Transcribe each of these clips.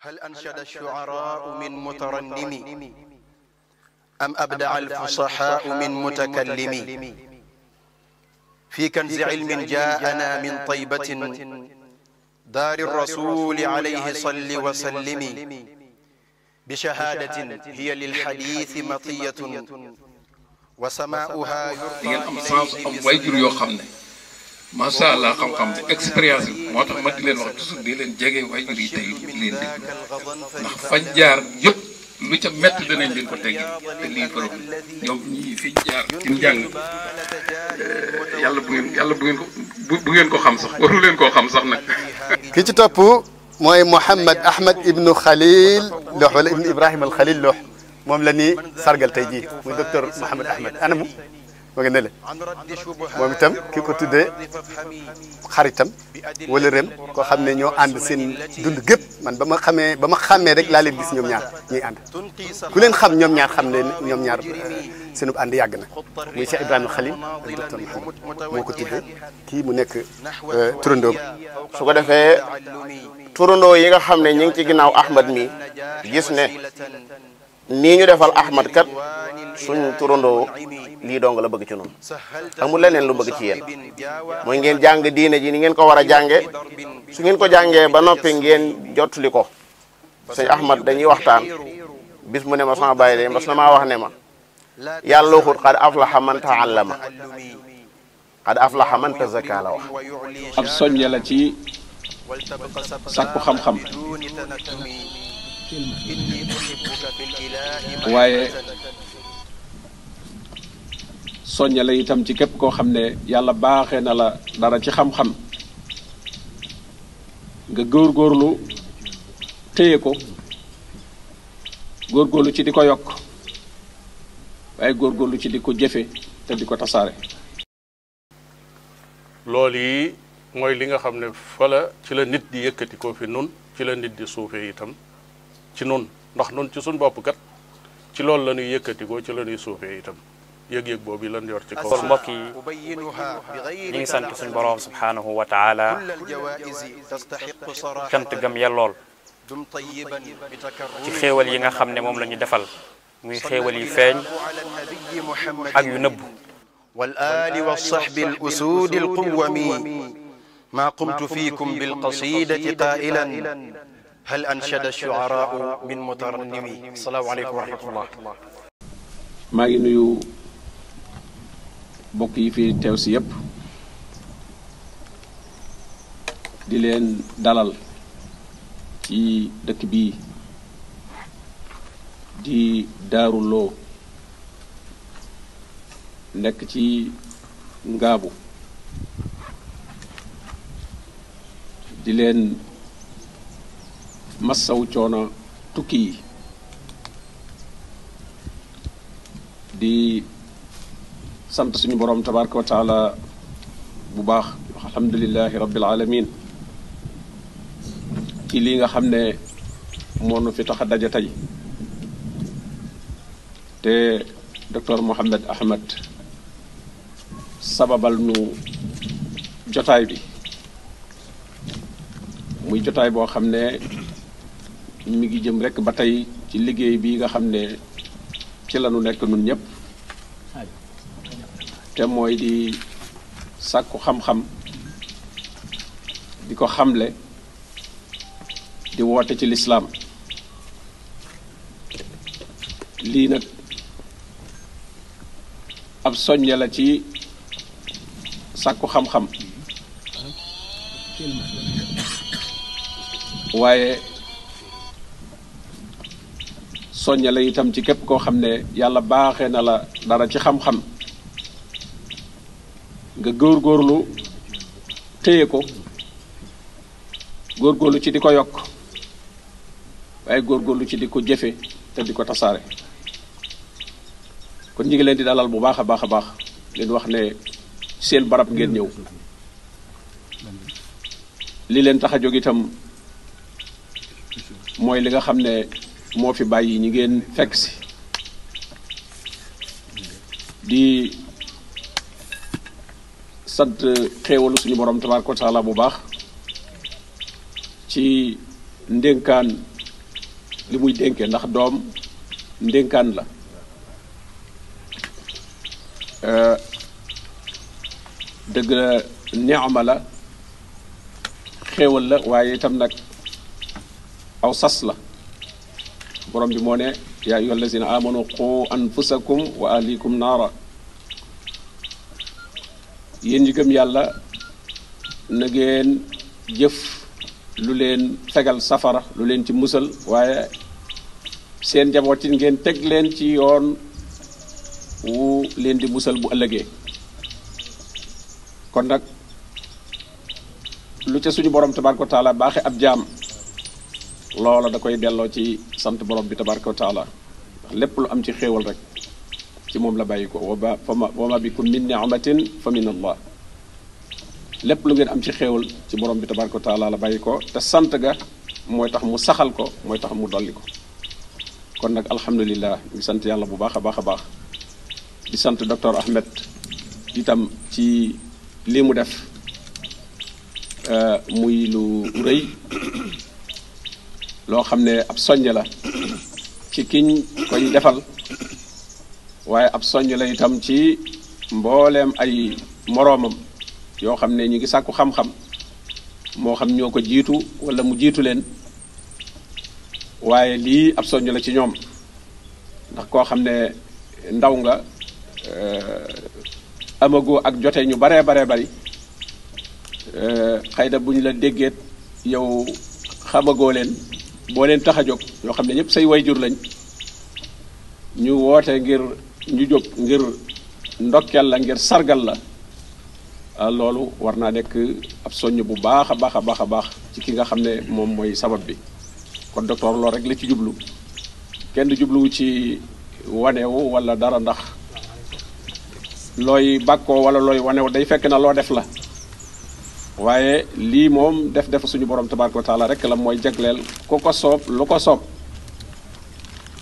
هل أنشد الشعراء من مترنم أم أبدع الفصحاء من متكلم في كنز علم جاءنا من طيبة دار الرسول عليه صل وسلم بشهادة هي للحديث مطية وسماؤها يرفع إليه macha allah xam-xam te expérience bi moo tax ma di leen wax toujours di leen jege waajur yi di leen ndax fañ jaar yëpp lu ca métti danañ ko teggi te lii borom ñoom ñii jaar ci njàng eh, yàlla bu ngeen ko xam sax waru leen koo xam sax nag. ki ci topp mooy Mouhamed Ahmed ibnu Khalil Loh wala ibnu Ibrahima al moom la ñuy sargal tey jii muy docteur Mouhamed Ahmed anamu. ma nga nele moom itam ki ko tuddee xaritam wala rem ko xam ne ñoo ànd seen dund gépp man ba ma xamee ba ma xàmmee rek laa leen gis ñoom ñaar ñuy ànd ku leen xam ñoom ñaar xam ne ñoom ñaar seenub ànd yàgg na muy Cheikh Ibrahima Khalil ak docteur Mouhamed moo ko tuddee kii mu nekk euh, turandoom su ko defee turandoo yi nga xam ne ñu ngi ci ginnaaw Ahmad mi gis ne ni ñu defal Ahmad kat suñ turandoo lii dong la bëgg ci noonu amul leneen lu bëgg ci yéen mooy ngeen jàng diine ji ni ngeen ko war a jànge su ngeen ko jàngee ba noppi ngeen jotli ko sëñ Ahmad dañuy waxtaan bis mu ne ma sama bàyyi de mas na maa wax ne ma yàlla waxut xad aflaxa man taallama xad aflaxa man tazakka la wax ab la ci sàkku xam-xam waaye soñña la itam ci képp koo xam ne yàlla baaxe na la dara ci xam-xam nga góorlu téye ko góor góorlu ci di ko yokk waaye góorgóorlu ci di ko jëfe te di ko tasaare lool yi mooy li nga xam ne fa la ci la nit di yëkkati ko fi nun ci la nit di suufee itam ci nun ndox nun ci suñ bopp kat ci loolu la ñuy yëkkatikoo ci la ñuy suufee itam yëg-yëg boobu lan yor ci kaw kon mbokk yi ñu ngi sant suñu borom subhaanahu wa taala cant gam yellool ci xéewal yi nga xam ne moom la defal muy xéewal yi feeñ ak yu nëbb wal aali wa sahbi al usuudi ma qumtu fiikum bil qasidati qailan hal anshada shuaraa min mutarannimi asalaamaaleykum wa maa ngi nuyu mbokk yi fi teew si yépp di leen dalal ci dëkk bi di Daaru Lo nekk ci Ngaabu di leen massaw coono tukki yi di sant suñu boroom tabaraka wa bu baax alhamdulilahi rabbil alamin ci lii nga xam ne moo nu fi tax a daje tey te docteur Mohamed Ahmed sababal nu jotaay bi muy jotaay boo xam ne mi ngi jëm rekk ba tey ci liggéey bi nga xam ne ci la ñu nekk nun ñépp te mooy di sàkku xam-xam di ko xamle di woote ci lislaam lii nag ab soññe la ci sàkku xam-xam waaye soññe la itam ci képp koo xam ne yàlla baaxee na la dara ci xam-xam nga góorgóorlu téye ko góor góorgóorlu ci di ko yokk waaye góorgóorlu ci di ko jëfe te di ko tasaare kon ñu ngi leen di dalal bu baax a baax a baax leen wax ne seen barab ngeen ñëw li leen tax a jóg itam mooy li nga xam ne moo fi bàyyi ñu ngeen fekk si di sant xéewalu suñu borom tabaaraka wa taala bu baax ci ndénkaan li muy dénke ndax doom ndénkaan la eh, dëgg la neexama la xéewal la waaye tam nag aw sas la borom bi moo ne yaa ayyuha allazina amanu qu anfusakum wa ahlikum naara yéen ñi gëm yàlla na ngeen jëf lu leen fegal safara lu leen ci musal waaye seen njaboot yi ngeen teg leen ci yoon wu leen di musal bu ëllëgee kon nag lu ca suñu borom tabaaraka wa taala baaxe ab jaam looloo da koy delloo ci sant borom bi tabaraka wa taala lépp lu am ci xéewal rek ci moom la bàyyi ko waba fama wama bikum min ni'matin fa min allah lépp lu ngeen am ci xéewal ci borom bi tabaraka wa taala la bàyyi ko te sant ga mooy tax mu saxal ko mooy tax mu dolli ko kon nag alhamdulilah ngi sant yàlla bu baax a baax a baax di sant docteur Ahmed itam ci lii mu def euh, muy lu rëy loo xam ne ab soññ la ci kiñ koy defal waaye ab soññ la itam ci mbooleem ay moroomam yoo xam ne ñu ngi sàkku xam-xam moo xam ñoo ko jiitu walla mu jiitu leen waaye lii ab soññ la ci ñoom ndax koo xam ne ndaw nga euh, amagoo ak jote ñu baree baree bari euh, xëy na bu ñu la déggeet yow xamagoo leen boo leen tax a jóg ñoo xam ne ñëpp say way jur lañ ñu woote ngir ñu jóg ngir ndokkeel la ngir sargal la ah, loolu war naa nekk ab soññ bu baax a baax a baax a baax ci ki nga xam ne moom mooy sabab bi kon docteur loolu rek la ci jublu kenn jubluwu ci wanewu wala dara ndax looy bàkkoo wala looy wanewu day fekk na loo def la waaye lii moom def def suñu borom tabaraka wa taala rek la mooy jagleel ku ko soob lu ko soob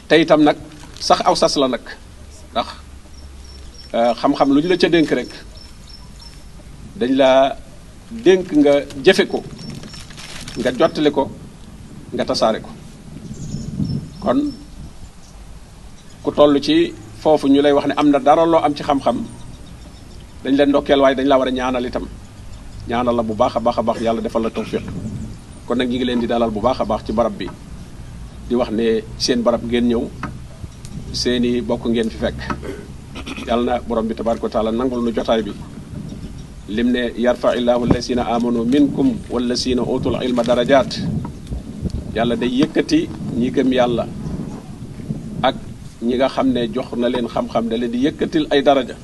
te itam nag sax aw sas la nag ndax euh, xam-xam lu ñu la ca dénk rek dañ la dénk nga jëfe ko nga jottali ko nga tasaare ko kon ku toll ci foofu ñu lay wax ne am na dara loo am ci xam-xam dañ leen ndokkeel waaye dañ la war a ñaanal itam ñaana la bu baax a baax a baax yàlla defal la tawfiq kon nag ñu ngi leen di dalal bu baax a baax ci barab bi di wax ne seen barab ngeen ñëw seeni bokk ngeen fi fekk yàlla na borom bi tabaraka wa taala nangul nu jotaay bi lim ne yarfa illahu allasina amanu minkum wallasina utul ilma darajaat yàlla day yëkkati ñi gëm yàlla ak ñi nga xam ne jox na leen xam-xam da leen di yëkkatil ay daraja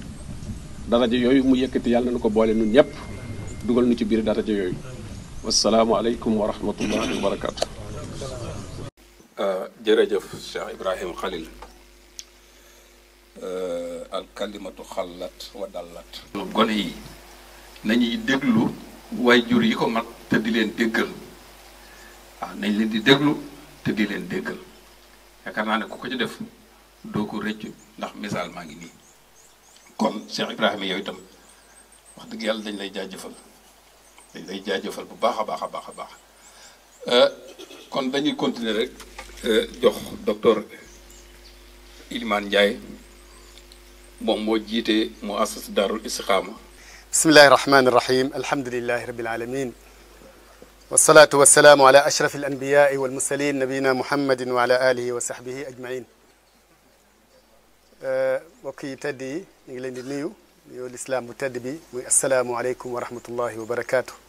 daraja yooyu mu yëkkati yàlla na nu ko boole nun ñëpp dugal nu ci biir daraja yooyu wasalaamualeykum wa rahmatullahi wa barakaatu. Euh, jërëjëf Cheikh Ibrahim Khalil euh, al kalimatu xallat wa dallat. gone yi nañuy déglu waaye jur yi ko mat te di leen déggal waaw ah, nañ leen di déglu te di leen déggal yaakaar naa ne ku ko ci def doo ko rëccu ndax misaal maa ngi nii kon Cheikh Ibrahima yooyu itam wax dëgg yàlla dañ lay jaajëfal. dañ lay jaajëfal bu baax a baax a baax a baax euh, kon dañuy continuer rek euh, jox docteur Ilimane Ndiaye moom moo jiite mu assas daarul istiqaama bismillahi rahmani rahim alhamdulilahi rabil alamin wasalaatu wasalaamu ala ashraf al anbiyaai wal mursalin nabiyina muhammadin wa ala alihi wa sahbihi ajmain euh, mbokk yi tedd yi ñu ngi leen di nuyu nuyoo lislaam bu tedd bi muy asalaamualeykum wa rahmatullahi wa barakaatu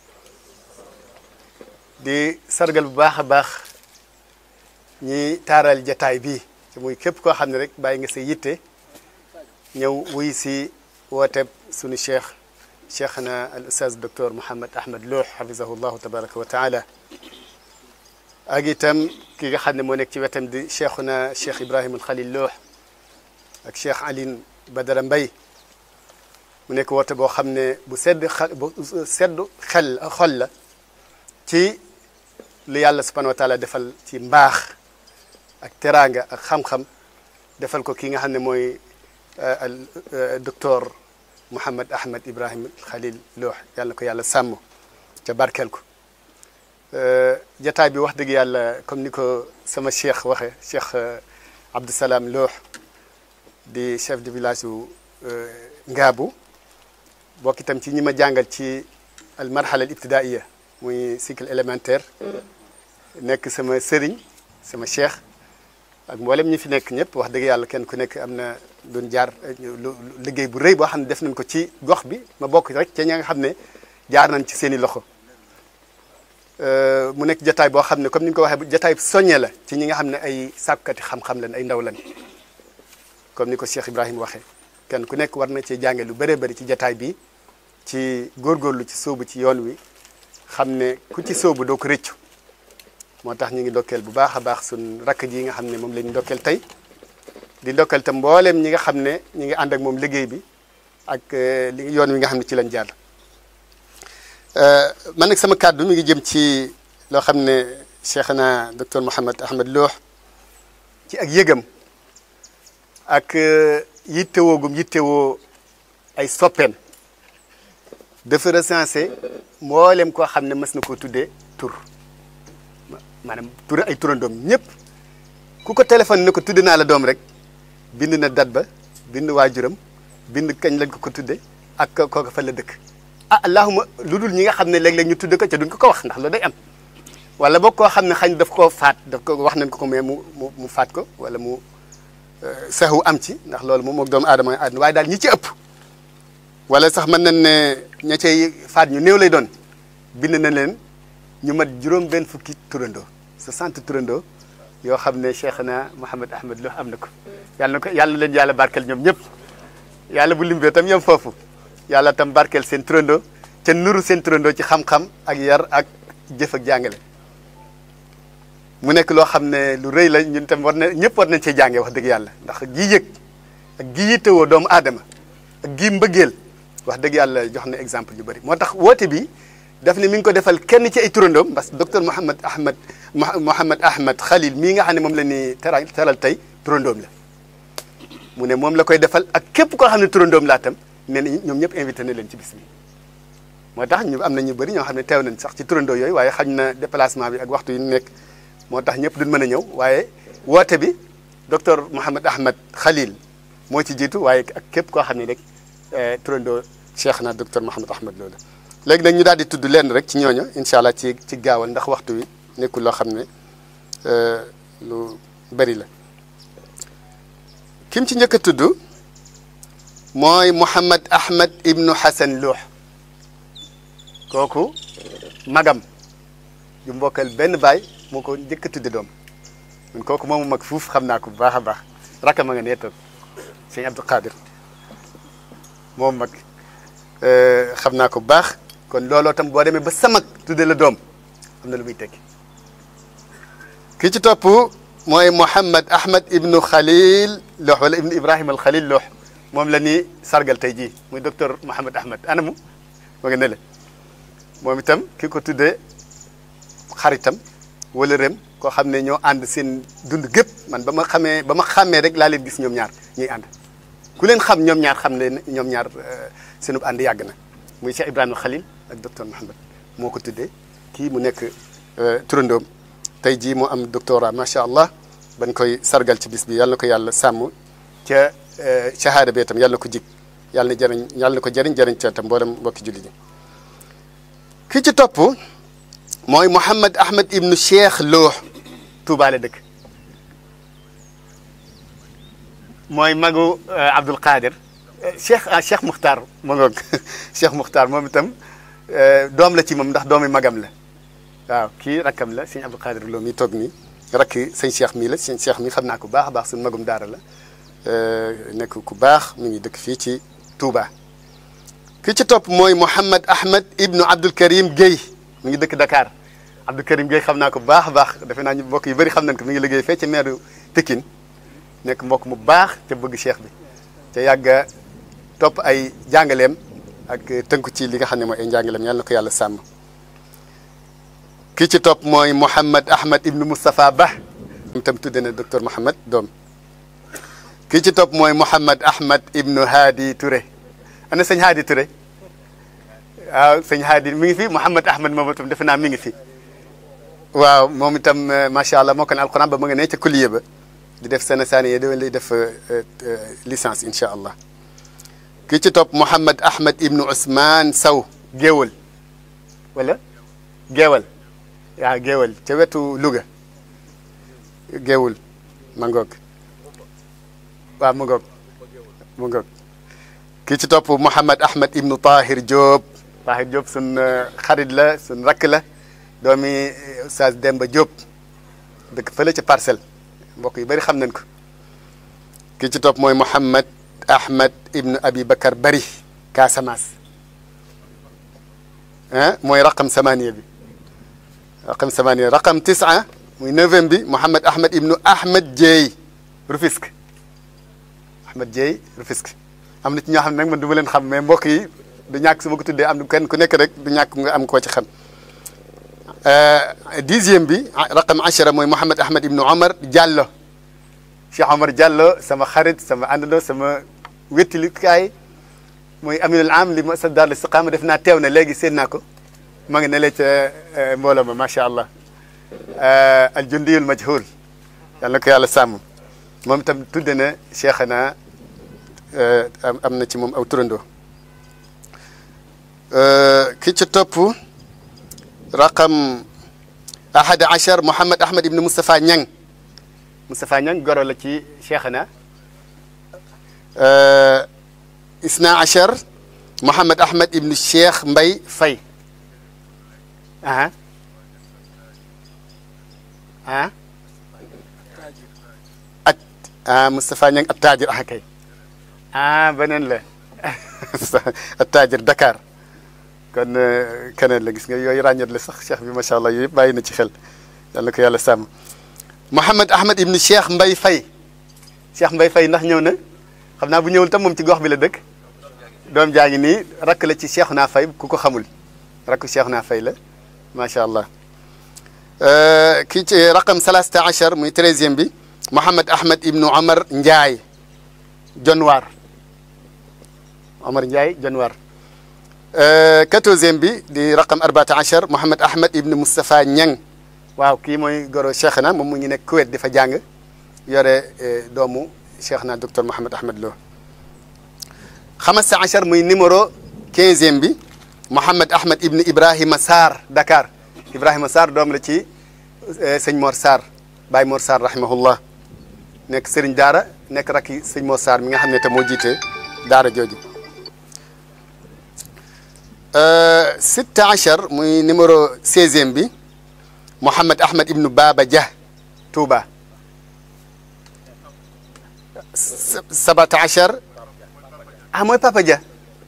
di sargal bu baax a baax ñi taaral jataay bi ci muy képp koo xam ne rek bàyyi nga sa yitte ñëw wuy si wooteeb sunu cheikh cheikh na al ustaaz docteur Mouhamed Ahmed Lo xafizahu llahu tabaraka wa taala ak itam ki nga xam ne moo nekk ci wetam di cheikhuna cheikh Ibrahim Khalil Lo ak cheikh Aline Badara Mbaye mu nekk woote boo xam ne bu sedd xa xol la ci li yàlla subhanahu wa taala defal ci mbaax ak teraanga ak xam-xam defal ko ki nga xam ne mooy euh, euh, docteur Mouhamed Ahmed Ibrahim Khalil Loox yàlla ko yàlla sàmm ca barkeel ko euh, jataay bi wax dëgg yàlla comme ni ko sama cheikh waxe cheikh Abdoussalaam Loox di chef de village wu Ngaabu bokk ci ñi ma jàngal ci al marhala muy cycle élémentaire nekk sama sëriñ sama cheikh ak mboolem ñi fi nekk ñëpp wax dëgg yàlla kenn ku nekk am na duñ jaar lu liggéey bu rëy boo xam ne def nañ ko ci gox bi ma bokk rek ca ña nga xam ne jaar nañ ci seen i loxo euh, mu nekk jataay boo xam ne comme ni ñu ko waxee jataay soññee la ci ñi nga xam ne ay sàkkati xam-xam lañ ay ndaw lañ comme ni ko Cheikh Ibrahima waxee kenn ku nekk war na cee jànge lu bëree bëri ci jataay bi ci lu ci sóobu ci yoon wi xam ne ku ci sóobu doo ko rëccu moo tax ñu ngi ndokkeel bu baax a baax suñ rakk ji nga xam ne moom la ñu ndokkeel tey di ndokkeel tam mbooleem ñi nga xam ne ñu ngi ànd moom liggéey bi ak eh, li yoon wi nga xam ne ci lañ jàll eh, man nag sama kàddu mi ngi jëm ci loo xam ne Cheikhna docteur Mouhamed Ahmed Lo ci ak yëgam ak eh, yittewoo gum yittewoo ay soppeem dafa recensé mboolem koo xam ne mës na koo tuddee tur maanaam tur ay turandoom ñëpp ku ko téléphone ne ko tudd naa la doom rek bind na dat ba bind waajuram bind kañ lañ ko ko tudde ak kooka fa la dëkk ah allahuma lu dul ñi nga xam ne léeg-léeg ñu tudde ko ca duñ ko ko wax ndax loolu day am wala boog koo xam ne xañ daf koo faat daf ko wax nañ ko ko mais mu mu faat ko wala mu euh, saxu am ci ndax loolu moom moog doomu aadama aadama waaye daal ñi ci ëpp wala sax mën nañ ne ña cay faat ñu néew lay doon bind na leen ñu mat juróom benn fukki turandoo soixante turandoo yoo xam ne Cheikhna Mouhamed Ahmed Lo am na ko yàlla ko yàlla leen yàlla barkeel ñoom ñëpp yàlla bu limbee tam yem foofu yàlla tam barkeel seen turandoo ca nuru seen turandoo ci xam-xam ak yar ak jëf ak jàngale mu nekk loo xam ne lu rëy la ñun tam war na ñëpp war nañ cee jàngee wax dëgg yàlla ndax gii yëg ak gii yittewoo doomu aadama ak gii mbëggeel wax dëgg yàlla jox na exemple yu bari moo tax woote bi def na mi ngi ko defal kenn ci ay turandoom parce que docteur Mouhamed Ahmed Mouhamed Ahmed Khalil mii nga xam ne moom la ñuy teral teral tey turandoom la mu ne moom la koy defal ak képp koo xam ne turandoom laa tam nee na ñoom ñëpp invité na leen ci bis bi moo tax ñu am na ñu bëri ñoo xam ne teew nañ sax ci turandoo yooyu waaye xañ na déplacement bi ak waxtu yu nekk moo tax ñëpp duñ mën a ñëw waaye woote bi docteur Mouhamed Ahmed Khalil moo ci jiitu ak képp koo xam ne rek Eh, turandoo cheikh na docteur Mouhamed Ahmed Lo la léegi nag ñu daal di tudd lenn rek ci ñooñu incha allah ci ci gaawal ndax waxtu wi nekkul loo xam ne eh, lu bari la kim ci njëkk a tudd mooy Mouhamed Ahmed Ibnu Hassan Lo kooku magam ju mbokkal benn baay moo ko njëkk a doom mun kooku moomu mag fuuf xam naa ko bu baax a baax rakam a nga nee Qadir moom mag euh, xam naa ko bu baax kon looloo tam boo demee ba samag mag tudde la doom am na lu muy tekki ki ci topp mooy Mouhamed Ahmed ibnu Khalil Loh wala ibnu Ibrahim al Khalil Loh moom la ñuy sargal tey jii muy docteur Mouhamed Ahmed anamu ma nga ne la moom itam ki ko tuddee xaritam walla rem koo xam ne ñoo ànd seen dund gépp man ba ma xamee ba ma xàmmee rek laa leen gis ñoom ñaar ñuy ànd. ku leen xam ñoom ñaar xam leen ñoom ñaar euh, seen ànd yàgg na muy Cheikh Ibrahima Khalil ak docteur Mohamed moo ko tuddee kii mu nekk euh, turandoom tey jii mu am doctorat macha allah bañ koy sargal ci bis bi yàlla ko yàlla sàmm ca euh, shahada bi itam yàlla ko jig yàlla na jëriñ yàlla na ko jëriñ jëriñ ca itam mboolem mbokki ki ci topp mooy Mouhamed Ahmed ibnu Cheikh Lo Touba la dëkk mooy magu euh, Abdul Qadir euh, Cheikh ah Cheikh Muxtaar ma ngoog Cheikh moom itam euh, doom la ci moom ndax doomi magam la waaw kii rakkam la sëñ Abdul Qadir loo mi toog nii rakki sëñ Cheikh mii la sëñ Cheikh mi xam naa ko baax a baax suñ magum daar la nekk ku baax mu ngi dëkk fii ci Touba. ki ci topp mooy Mouhamed Ahmed Ibnu Abdul Karim Guèye mi ngi dëkk Dakar Abdul Karim Guèye xam naa ko baax a baax defe naa ñu mbokk yu bëri xam nañ ko mi ngi liggéey fee ci meeru Pikine nekk mbokk mu baax te bëgg cheikh bi te yàgga top ay jàngaleem ak tënku ci li nga xam ne mooy ay njàngaleem ñaan na ko yàlla sàmm kii ci topp mooy Mouhamed Ahmed Ibn Moustapha Ba tam tudde na docteur Mouhamed doom kii ci topp mooy Mouhamed Ahmed Ibn Hadi ture ana sëñ Hadi Touré waaw sëñ Hadi mi ngi fi Mouhamed Ahmed moom itam defe naa mi ngi fi waaw moom itam eh, macha allah moo ko ne ba ma nga ne ca kulliye ba di def sana saaniya déwén lay def euh, euh, licence incha allah ki ci topp Mouhamed Ahmed Ibn Ousmane Sow géewal wala géewal waaw ah, géewal ca wetu Louga géewul ma ngoog waaw mu ngoog mu ngoog ki ci topp Mouhamed Ahmed Ibn Tahir Diop Tahir Diop sun euh, xarit la sun rakk la doomi Oustaz Demba Diop dëkk fële ca parcelle mbokk yu bari xam nañ ko ki ci topp mooy Mouhamed Ahmed Ibn Abi Bakar Bari Casamance ah mooy raqam samaniya bi raqam samaniya raqam tisa muy neuvième bi Mouhamed Ahmed Ibn Ahmed Dieye Rufisque Ahmed Dieye Rufisque am na ci ñoo xam ne nag man du ma leen xam mais mbokk yi du ñàkk su ma ko tuddee am na kenn ku nekk rek du ñàkk nga am koo ci xam. Euh, dixième bi ah, raqam achara mooy Mouhamed Ahmed Ibn Omar Diallo Cheikh Omar Diallo sama xarit sama àndandoo sama wéttili kaay mooy aminul am li ma sa daal istiqaama def naa teew na léegi seen naa ko ma ngi ne la ca euh, mbooloo ma macha allah euh, aljundiyul majhul yàlla na ko yàlla sàmm moom itam tudde na cheikhana am na ci moom aw turandoo ki ci topp raqam ahad achar Mouhamed Ahmed ibn Moustapha Niang Moustapha Niang goro la ci Cheikhna isna achar Mouhamed Ahmed ibn Cheikh Mbay Fay ah ah at ah Moustapha Niang at taajir ah kay ah beneen la at taajir Dakar kon euh, keneen la gis nga yooyu ràññat la sax cheikh bi ma allah yooyu yëpp bàyyi na ci xel yal na ko yàlla sàmm Mouhamed Ahmed ibni Cheikh Mbay Fay Cheikh Mbay Fay ndax ñëw na xam naa bu ñëwul tam moom ci gox bi la dëkk doom jaa ngi nii rakk la ci Cheikh naa Fay ku ko xamul rakku Cheikh naa Fay la macha allah euh, kii ci raqam salaasta achar muy treizième bi Mouhamed Ahmed ibnu amar Ndiaye Jonwaar Omar Ndiaye Jonwaar Euh, quatorzième bi di raqam arbaata achar Mouhamed Ahmed Ibn Moustapha Niang waaw kii mooy goro cheikh na moom mu ngi nekk Kuwait di fa jàng yore euh, doomu cheikh na docteur Mouhamed Ahmed Lo xamasa achar muy numéro quinzième bi Mouhamed Ahmed Ibn Ibrahima Sarr Dakar Ibrahima Sarr doom la ci euh, sëñ Mor sar Baye Mor Sarr rahimahullah nekk sëriñ daara nekk rakki sëñ Mor Sarr mi nga xam ne te moo jiite daara jooju Euh, sitta achar muy numéro seizième bi Mouhamed Ahmed ibnu Baba Dia Touba sabata achar ah mooy Papa Dia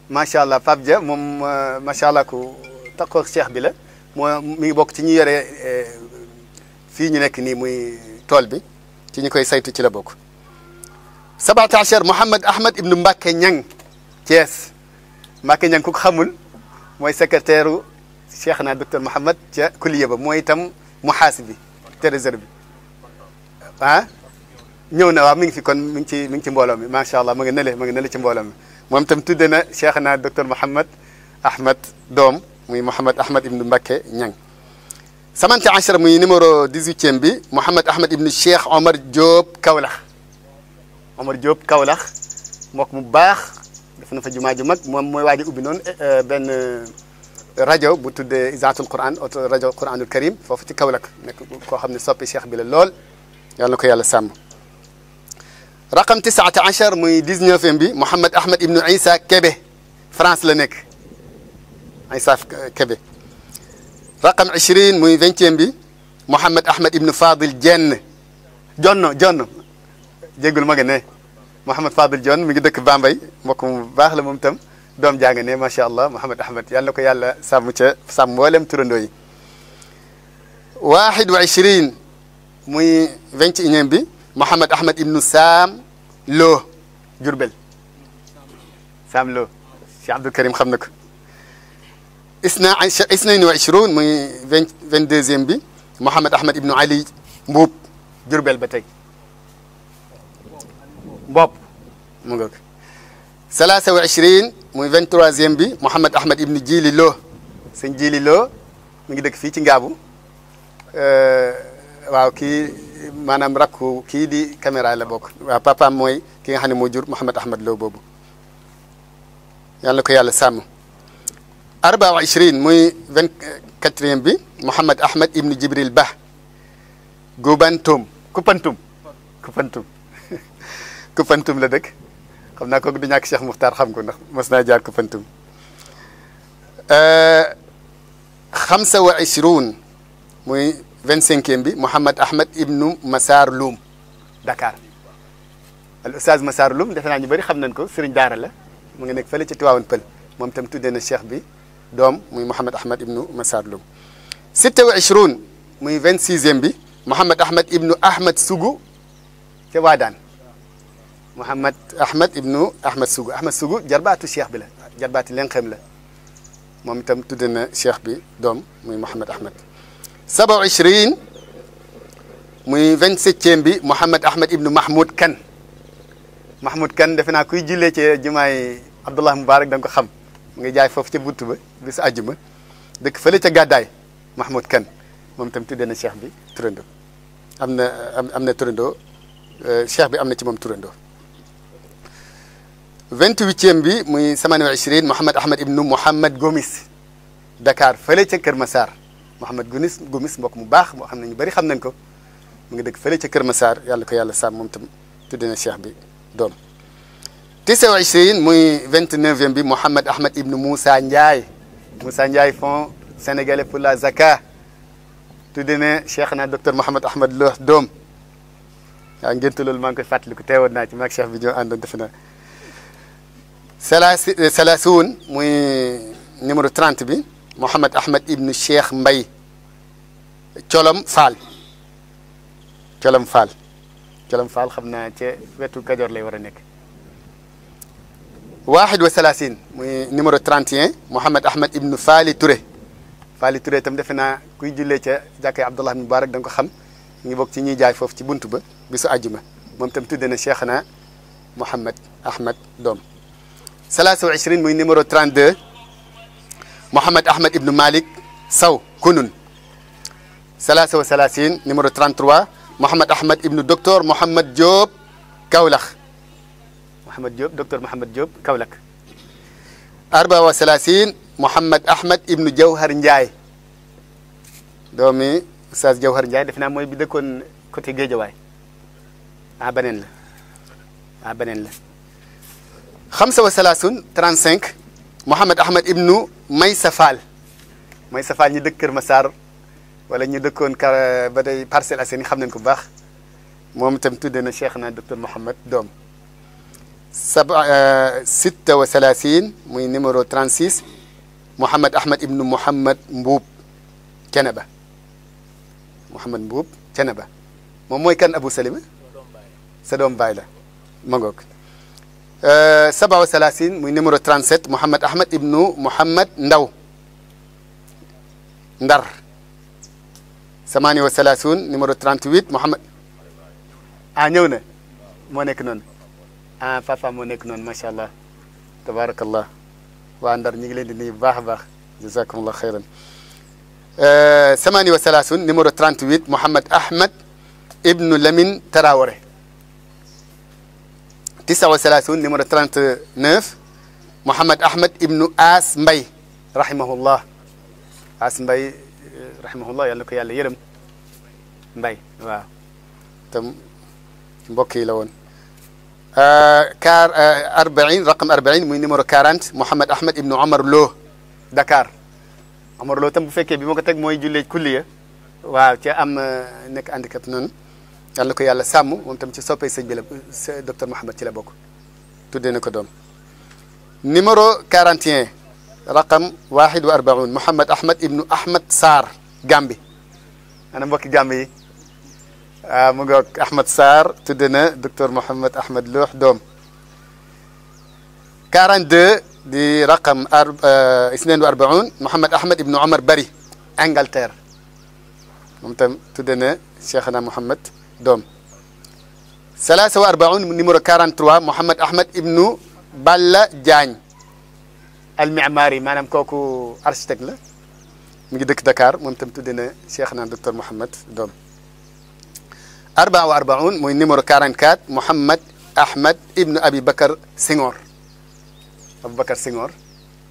macha allah Papa Dia moom euh, macha allah ku taqoo cheikh bi la moo mi ngi bokk ci ñu yore euh, fii ñu nekk nii muy tool bi ci ñu koy saytu ci la bokk sabata achar Mouhamed Ahmed ibnu Mbacke Ñang Thiès Mbacke Ñang ku ko xamul mooy secrétaire u cheikh na docteur Mouhamed ca kulliya ba mooy itam muhaasib bi trésorier bi ah ñëw na waaw mi ngi fi kon mi ngi ci mi ngi ci mbooloo mi macha allah ma nga nële ma nga nële ci mbooloo mi moom itam tudde na cheikh na docteur Mouhamed Ahmed doom muy Mouhamed Ahmed ibnu Mbacké Ñang samante achara muy numéro 18e bi Mouhamed Ahmed ibnu Cheikh Omar Diop Kaolack Omar Diop Kaolax mbokk mu baax def na fa jumaa ju mag moom mooy waaj a ubbi noonu eh, eh, benn eh, rajo bu tuddee Izaatul Quran oto rajo Quranul Karim foofu ci Kaolack nekk koo xam ne soppi cheikh bi la lool yàlla na ko yàlla sàmm. raqam tisaata achar muy 19e bi Mouhamed Ahmed Ibnu Isa Kebe France la nekk Isa Kebe raqam 20 muy 20e bi Mouhamed Ahmed Ibnu Fadil Jenn jonno jonno jéggul ma nga ne Mouhamed Fadil Dione mi ngi dëkk Bambey mbokk mu baax la moom itam doom jàng ne macha allah Mouhamed Ahmed yàlla na ko yàlla sàmm ca sàmm mboolem turandoo yi. waaxid wa ishrin muy vingt et unième bi Mouhamed Ahmed ibnu Saam Lo Jurbel Saam Lo Cheikh Abdou Karim xam na ko. isna isnayn wa ishruun muy vingt vingt deuxième bi Mouhamed Ahmed ibnu Ali Mbuub Jurbel ba tey. mbopp mu nga salaasa wa ishrin muy vingt troisième bi Mouhamed Ahmed Ibn Jili Lo sëñ Jili Lo mi ngi dëkk fii ci Ngaabu euh, waaw kii maanaam rakku kii di caméra la bokk waaw papaam mooy ki nga xam ne moo jur Mouhamed Ahmed Lo boobu yàlla ko yàlla sàmm arba wa ishrin muy vingt quatrième bi Mouhamed Ahmed Ibn Jibril Ba Gubantum Kupantum Kupantum Koumpentoum la dëkk xam naa kooku du ñàkk Cheikh Moukhtar xam ko ndax mos naa jaar Koumpentoum euh, xamsa wa ishruun muy vingt-cinquième bi Mouhamad Ahmed ibnu Massar Loum Dakar al oustaz Massar Loum defe naa ñu bëri xam nañ ko sëriñ daara la mu ngi nekk fële ci Tiwaawan Pël moom itam tuddee na cheikh bi doom muy Mouhamad Ahmed ibnu Massar Loum sitta wa muy vingt-sixième bi Mouhamad Ahmed ibnu Ahmed Sougou ca Waadaan Mouhamad Ahmed ibnu Ahmed Sougou Ahmed Sougou jarbaatu cheikh bi la jarbaati lenqeem la moom itam tudde na cheikh bi doom muy Mouhamad Ahmed. saba ishrin muy vingt septième bi Mouhamad Ahmed ibnu Mahmoud Kan Mahmoud Kan defe naa kuy jullee ci jumaay Abdullah Mubarak da nga ko xam mu ngi jaay foofu ci bunt ba bis àjjuma dëkk fële ca gàddaay Mahmoud Kan moom tam tudde na cheikh bi turando am na am na turando euh, cheikh bi am na ci moom turando. 28e bi muy samaan wa ishrin Mouhamed Ahmed ibnu Mouhamed Gomis Dakar fële ca Kër Massar Mouhamed Gomis Gomis mbokk mu baax moo xam ne ñu bëri xam nañ ko mu ngi dëkk fële ca Kër Massar yàlla ko yàlla sàmm moom tam tudde na cheikh bi doom tisa wa ishrin muy 29e bi Mouhamed Ahmed ibnu Moussa Ndiaye Moussa Ndiaye Fonds sénégalais pour la Zaka tudde na cheikh na docteur Mouhamed Ahmed Lo doom waaw ngénte loolu maa ngi koy fàttaliku teewoon naa ci maag cheikh bi ñoo àndoon defe naa salaasi eh, salaasiwun muy numéro 30 bi Mouhamed Ahmed Ibn Cheikh Mbay Colom Fall Colom Fall Colom Fall xam naa ca wetu Kajoor lay war a nekk waaxid wa salaasin muy numéro 31 Mouhamed Ahmed Ibn Faali Touré Faali Touré itam defe naa kuy jullee ca jàkkee Abdullah ibn Mubarak da nga ko xam mu ngi bokk ci ñuy jaay foofu ci buntu ba bisu àjjuma moom itam tudde na Cheikhna Mouhamed Ahmed doom salaasa wa ishrin muy numéro 32 Mouhamed Ahmed Ibn Malik Sow Kunun salaasa wa salaasin numéro 33 Mouhamed Ahmed Ibn docteur Mouhamed Diop Kaolack Mouhamed Diop docteur Mouhamed Diop Kaolack arba wa salaasin Mouhamed Ahmed Ibn Jawhar Ndiaye doomi Oustaz Jawhar Ndiaye def naa mooy bi dëkkoon côté Géejawaay ah beneen la ah beneen la xamsa wa salaasun 35 Mouhamed Ahmed ibnu Maysa Fall Maysa Fall ñi dëkk Kër Massar wala ñu dëkkoon kar ba day Parcelles Assainies xam nañ ko bu baax moom itam tudde na cheikh na docteur Mouhamed doom sab euh, sitta wa salaasin muy numéro 36 Mouhamed Ahmed ibnu Mouhamed Mbuub Ceneba Mouhamed Mbuub Ceneba moom mooy kan Abu Salima sa doom baay la ma ngoog Euh, saba wa salasin muy numéro 37 Mouhamed Ahmed ibnu Mouhamed Ndaw Ndar samani wa salasun numéro 38 Mouhamed ah ñëw na moo nekk noonu ah papa moo nekk noonu macha allah tabarakallah waa Ndar ñu ngi leen di nuyu bu baax a baax jazakumullah xayran euh, samani wa salasun numéro 38 Mouhamed Ahmed ibnu Lamine Tarawore tisa wa salaasuun numéro 39 Mouhamad Ahmed ibnu As Mbay rahimahullah As Mbay euh, rahimahullah yàlla na ko yàlla yërëm Mbay waaw tam mbokk yi la woon car 40 raqam 40 muy numéro 40 Mouhamad Ahmed ibnu Omar Lo Dakar Omar Lo tam bu fekkee bi ma ko teg mooy jullee kulliya waaw ca am euh, nekk handicap noonu yàlla ko yàlla sàmm moom tam ci soppee sëñ bi la docteur Mouhamed ci la bokk tuddee na ko doom numéro 41 raqam waaxid wa arbaun Mouhamed Ahmed ibnu Ahmed Sarr Gambi ana mbokki Gambi yi ah mu ngoog Ahmed Sarr tuddee na docteur Mouhamed Ahmed Loox doom 42 di raqam ar euh, isnain wa arbaun Mouhamed Ahmed ibnu Omar Bari Angleterre moom tam tuddee na Cheikhna Mouhamed doom salaasa wa arbaun numéro 43 Mouhamed Ahmed ibnu Balla Diagne al mimaari maanaam kooku architecte la mu ngi dëkk Dakar moom tam tudde na Cheikh naan docteur Mouhamed doom arbaa wa arbaun mooy numéro 44 Mouhamed Ahmed ibnu Abi Bakar Senghor Aboubacar Senghor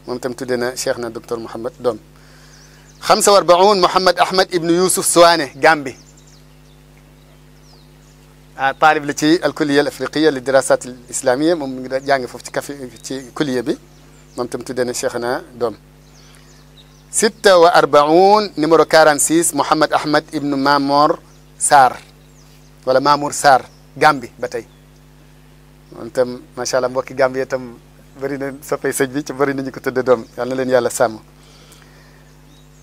moom tam tudde na Cheikh naan docteur Mouhamed doom xamsa wa arbaun Mouhamed Ahmed ibnu Youssouf Souane Gambi Ah, taalib la ci alkulliya al afriqiya li dirasat al islamiyya moom mi ngi jàng foofu ci kafi ci kulliya bi moom tam tuddee na cheikh na doom sitta wa arbaun numéro 46 Mouhamed Ahmed ibnu Mamour Sarr wala Mamour Sarr Gambi ba tey moom itam macha allah mbokki Gambi itam bëri na soppay sëñ bi ci bëri nañu ko tëdd doom yàlla na leen yàlla sàmm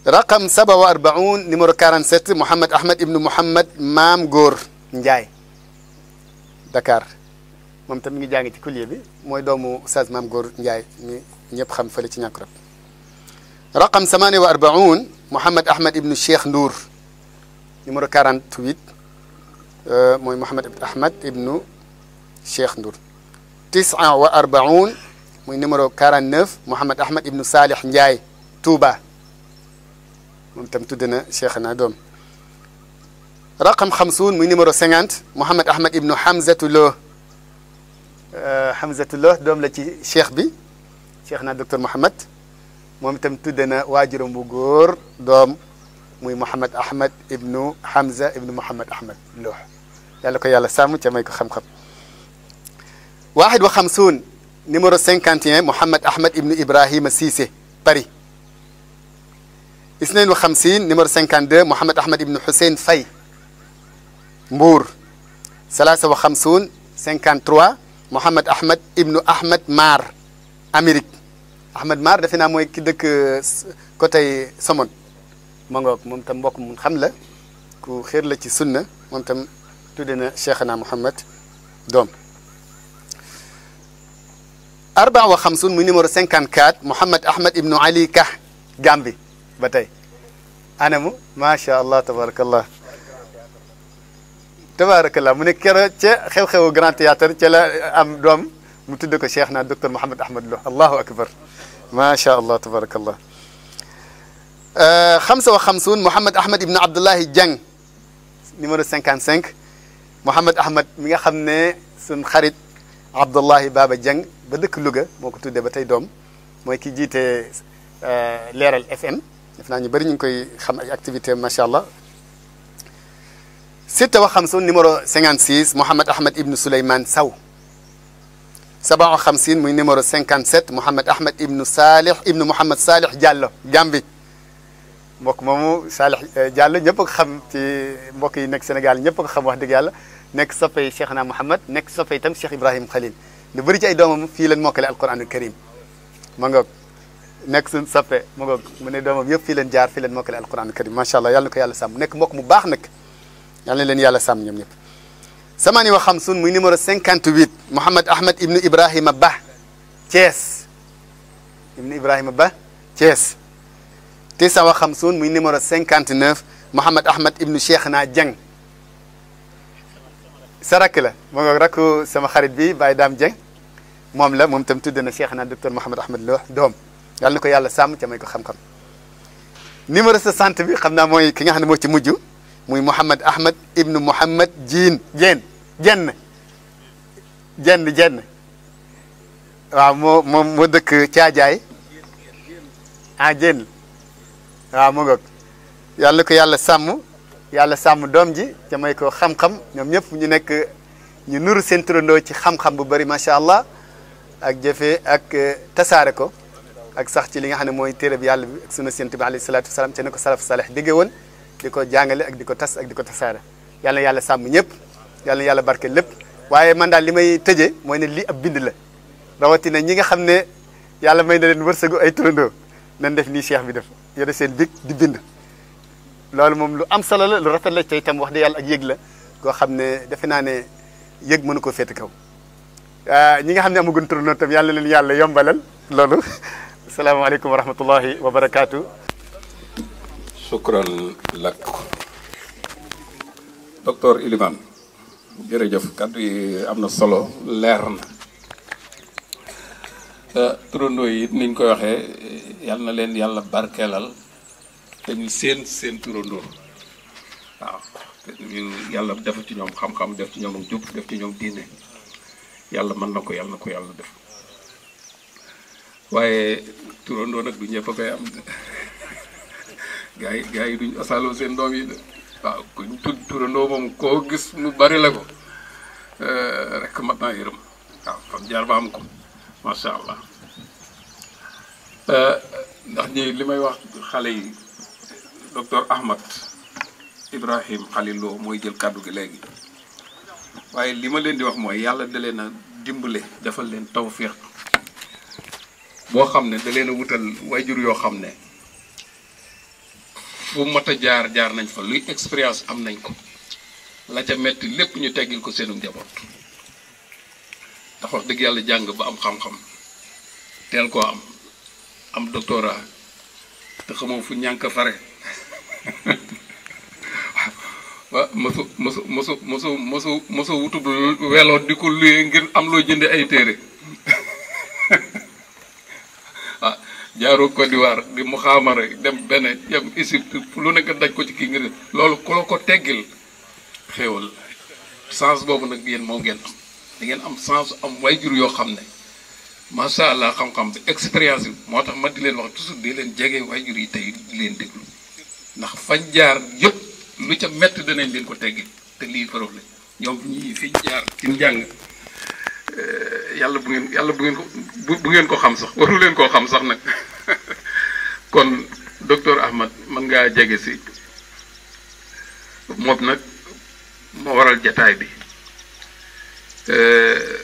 raqam saba wa arbaun numéro 47 Mouhamed Ahmed ibnu Mouhamed Maam Góor Ndiaye Dakar moom tam mi ngi jàng ci collier bi mooy doomu Oustaz Maam Góor Ndiaye mi ñëpp xam fële ci ñàkkurab raqam samaani wa arbaun Mouhamed Ahmed ibnu Cheikh Ndour numéro 48 euh, mooy Mouhamed Ahmed ibnu Cheikh Ndour tisaa wa arbaun muy numéro 49 Mouhamed Ahmed ibnu Saalih Ndiaye Touba moom tam tudd na Cheikh naa doom raqam xamsuun muy numéro 50 Mouhamed Ahmed ibnu Hamzatullah euh, Hamzatullah doom la ci cheikh bi cheikh naa docteur Mouhamed moom itam tudde na waajuram bu góor doom muy Mouhamed Ahmed ibnu Hamza ibnu Mouhamed Ahmed Lo yàlla ko yàlla sàmm ca may ko xam-xam waaxid wa xamsuun numéro 51 Mouhamed Ahmed ibnu Ibrahima Cissé Paris isnain wa xamsiin numéro 52 Mouhamed Ahmed ibnu Hussein Faye Mbour salaasa wa xamsuun 53 Mouhamed Ahmed ibnu Ahmed Mar Amérique Ahmed Mar defe naa mooy ki dëkk euh, côté Somone ma ngoog moom tam mbokk mun xam la ku xéer la ci sunna moom tam tudde na Cheikhna Mouhamed doom arbaa wa xamsuun muy numéro 54 Mouhamed Ahmed ibnu Ali Ka Gambi ba tey anamu macha allah tabarakallah tabarakallah mu ne keroog ca xew-xewu grand théâtre ca la am doom mu tudd ko cheikh na docteur Mouhamed Ahmad Lo allahu akbar macha allah tabarakallah eh, xamsa wa xamsuun Mouhamed Ahmad ibn Abdullahi Dieng numéro 55 Mouhamed Ahmad mi nga xam ne sun xarit Abdullahi Baba Dieng ba dëkk Louga moo ko tuddee ba tey doom mooy ki jiite eh, Leeral FM def naa ñu bëri ñu ngi koy xam ay activité macha allah ستة وخمسون نمرو 56 محمد أحمد ابن سليمان سو 57 muy numéro 57 Mouhamed Ahmed ibnu Salih ibnu Mouhamed Salih Diallo Jambi mbokk moomu Salih eh, Diallo ñëpp a ko xam ci mbokk yi nekk Sénégal ñëpp a ko xam wax dëgg yàlla nekk soppey Cheikh na Mouhamed nekk soppey itam Cheikh Ibrahim Khalil lu bëri ci ay doomam fii leen mokkale alquranul karim ma ngoog nekk suñ soppe ma ngoog mu ne doomam yëpp fii leen jaar fii leen mokkale alquranul karim macha allah yàlla na ko yàlla sàmm nekk mbokk mu baax nag yal na leen yàlla sàmm ñoom ñëpp samaani wa xamsun muy numéro 58 Mouhamed Ahmed ibnu Ibrahima Ba Thiès ibnu Ibrahima Ba Thiès tisa wa xamsun muy numéro 59 Mouhamed Ahmed ibnu Cheikh naa Dieng sa rakk la moo nga rakku sama xarit bi Baye Dame Dieng moom la moom itam tudd na Cheikh naa docteur Mouhamed Ahmed Lo doom yal na ko yàlla sàmm ca may ko xam-xam numéro 60 bi xam naa mooy ki nga xam ne moo ci mujj muy Mouhamed Ahmed ibnu Mouhamed Diin Dieng jenn jenn jenn waaw moo moom moo dëkk Caajaay ah Dieng waaw mu ngoog yàlla ko yàlla sàmm yàlla sàmm doom ji te may ko xam-xam ñoom ñëpp ñu nekk ñu nuru seen turandoo ci xam bu bari macha allah ak jëfe ak eh, tasaare ko ak sax ci li nga xam ne mooy téere bi yàlla bi ak sunu sént bi alayhi salaatu wasalaam te ne ko salaf salih dégge di ko jàngale ak di ko tas ak di ko tasaare yal na yàlla sàmm ñëpp yal yàlla barke lépp waaye man daal li may tëjee mooy ne lii ab bind la rawatina ñi nga xam ne yàlla may na leen wërsëgu ay turandoo def nii cheikh bi def yore seen big di bind loolu moom lu am solo la lu rafet la te tam wax dëgg yàlla ak yëg la goo xam ne defe naa ne yëg mënu ko féete kaw ah, ñi nga xam ne amagun turandoo tam yàlla leen yàlla yombalal loolu asalaamaaleykum wa rahmatullahi wa barakaatu. sukkuran lakk docteur Iliman jërëjëf kàddu yi am na solo leer na euh, turandoo yi it niñ koy waxee yal na leen yàlla barkeelal te ñu seen seen turandoo waaw te ñu yàlla def ci ñoom xam-xam def ci ñoom jub def ci ñoom diine yàlla mën na ko yàlla na ko yàlla def waaye turandoo nag du ñëpp koy am. gaa yi yi duñ asaaloo seen doom yi de waaw kuñ tudd turandoo moom koo gis mu bari la ko euh, rek mat naa waaw fam jaar ba am ko macha allah euh, ndax ñi li may wax xale yi docteur Ahmad Ibrahim Khalilou mooy jël kàddu gi léegi waaye li ma leen di wax mooy yàlla da leen a dimbale defal leen tawféex boo xam ne da leen a wutal waajur yoo xam ne. foo mat a jaar jaar nañ fa luy expérience am nañ ko la ca metti lépp ñu teggil ko seenu njaboot ndax wax dëgg yàlla jàng ba am xam-xam teel koo am am doctorat te xamoo fu ñànk fare waaw mosu mosu mosu mosu mosu mosu wutub weloo di ko luyee ngir am loo jënde ay téere jaaro Côte d'Ivoire di mu xaamara dem Bénin dem Égypte lu nekk daj ko ci kii ngir loolu ku la ko teggil xéewal sens boobu nag yéen moo ngeen am da ngeen am sens am jur yoo xam ne macha allah xam-xam bi expérience bi moo tax ma di leen wax toujours di leen jege waajur yi tey di leen déglu ndax fañ jaar yëpp lu ca métti danañ leen ko teggi te lii farof la ñoom ñii fi jaar ci njàng Eh, yàlla bu ngeen yàlla bu ngeen ko bu ngeen ko xam sax waru leen koo xam sax nag kon docteur Ahmad man ngaa jege si moom nag moo waral jataay bi eh,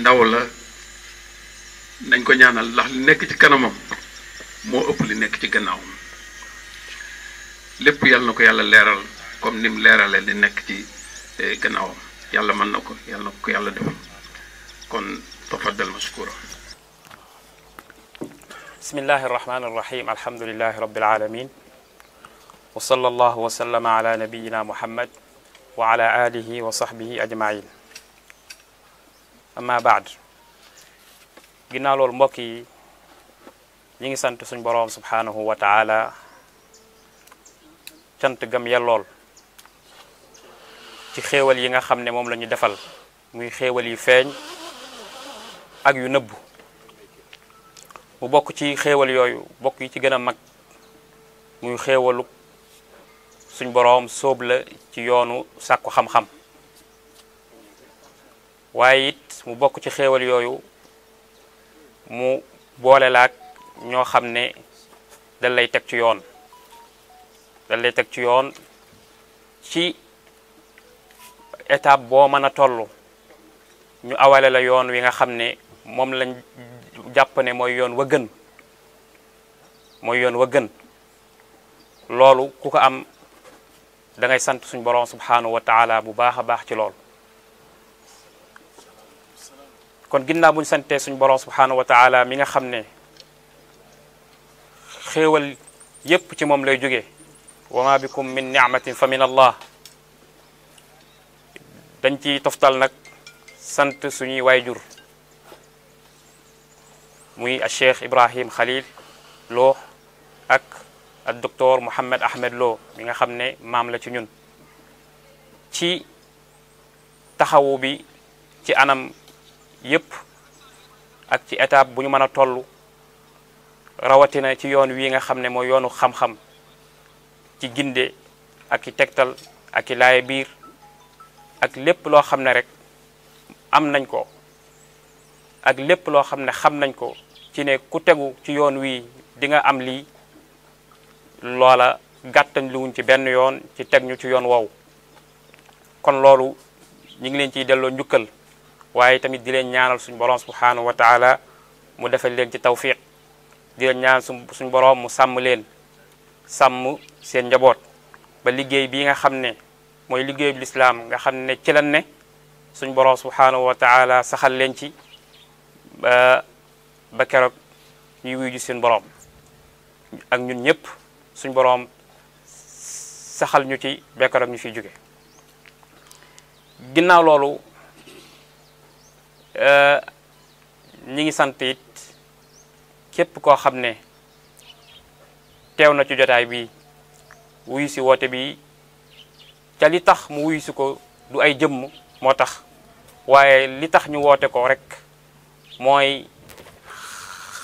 ndaw la nañ ko ñaanal ndax li nekk ci kanamam moo ëpp li nekk ci gannaawam lépp yàlla na ko yàlla leeral comme ni mu leerale li nekk ci eh, gannaawam yàlla mën na ko yàlla na yàlla defal kon tafaddal mashkuran bismillahi arrahmani arrahim alhamdulilahi rabbil alamin wa sallallahu wa sallama ala nabiyina muhammad wa ala alihi wa sahbihi ajmain amma baad ginnaaw loolu mbokk yi ñi ngi sant suñ boroom subhanahu wa taala cant gam yellool ci xéewal yi nga xam ne moom la ñu defal muy xéewal yi feeñ ak yu nëbbu mu bokk ci xéewal yooyu bokk yi ci gën a mag muy xéewalu suñ boroom sóob la ci yoonu sàkku xam-xam waaye it mu bokk ci xéewal yooyu mu boole laak ñoo xam ne dañ lay teg ci yoon dañ lay teg ci yoon ci étape boo mën a tollu ñu awale la yoon wi nga xam ne moom lañ jàpp ne mooy yoon wa gën mooy yoon wa gën loolu ku ko am da sant suñ borom subhanahu wa taala bu baax a baax ci lool kon ginnaaw buñ santee suñ borom subhanahu wa taala mi nga xam ne xéewal yépp ci moom lay jóge wa ma bikum min ni'matin fa min allah dañ ci toftal nag sant suñuy waay jur muy Cheikh Ibrahim Khalil loo ak ak docteur Mouhamed Ahmed loo mi nga xam ne maam la ci ñun ci taxawu bi ci anam yépp ak ci étape bu ñu mën a toll rawatina ci yoon wi nga xam ne mooy yoonu xam-xam ci ginde ak i tegtal ak i laaye biir ak lépp loo xam ne rek am nañ ko ak lépp loo xam ne xam nañ ko ci ne ku tegu ci yoon wi di nga am lii loola gàttañ luwuñ ci benn yoon ci teg ñu ci yoon woowu kon loolu ñu ngi leen ciy delloo njukkal waaye tamit di leen ñaanal suñu borom subhanahu wa taala mu defal leen ci tawfiq di leen ñaanal suñ boroom mu sàmm leen sàmm seen njaboot ba liggéey bi nga xam ne mooy liggéeyu lislaam nga xam ne ci lan ne suñ borom subhanahu wa taala saxal leen ci ba keroog ñuy wuyu ji seen boroom ak ñun ñëpp suñ boroom saxal ñu ci ba keroog ñu fiy jóge ginnaaw loolu euh, ñi ngi sant it képp koo xam ne teew na ci jotaay bi wuyu si woote bi ca li tax mu wuyu si ko du ay jëmm moo tax waaye li tax ñu woote ko rekk mooy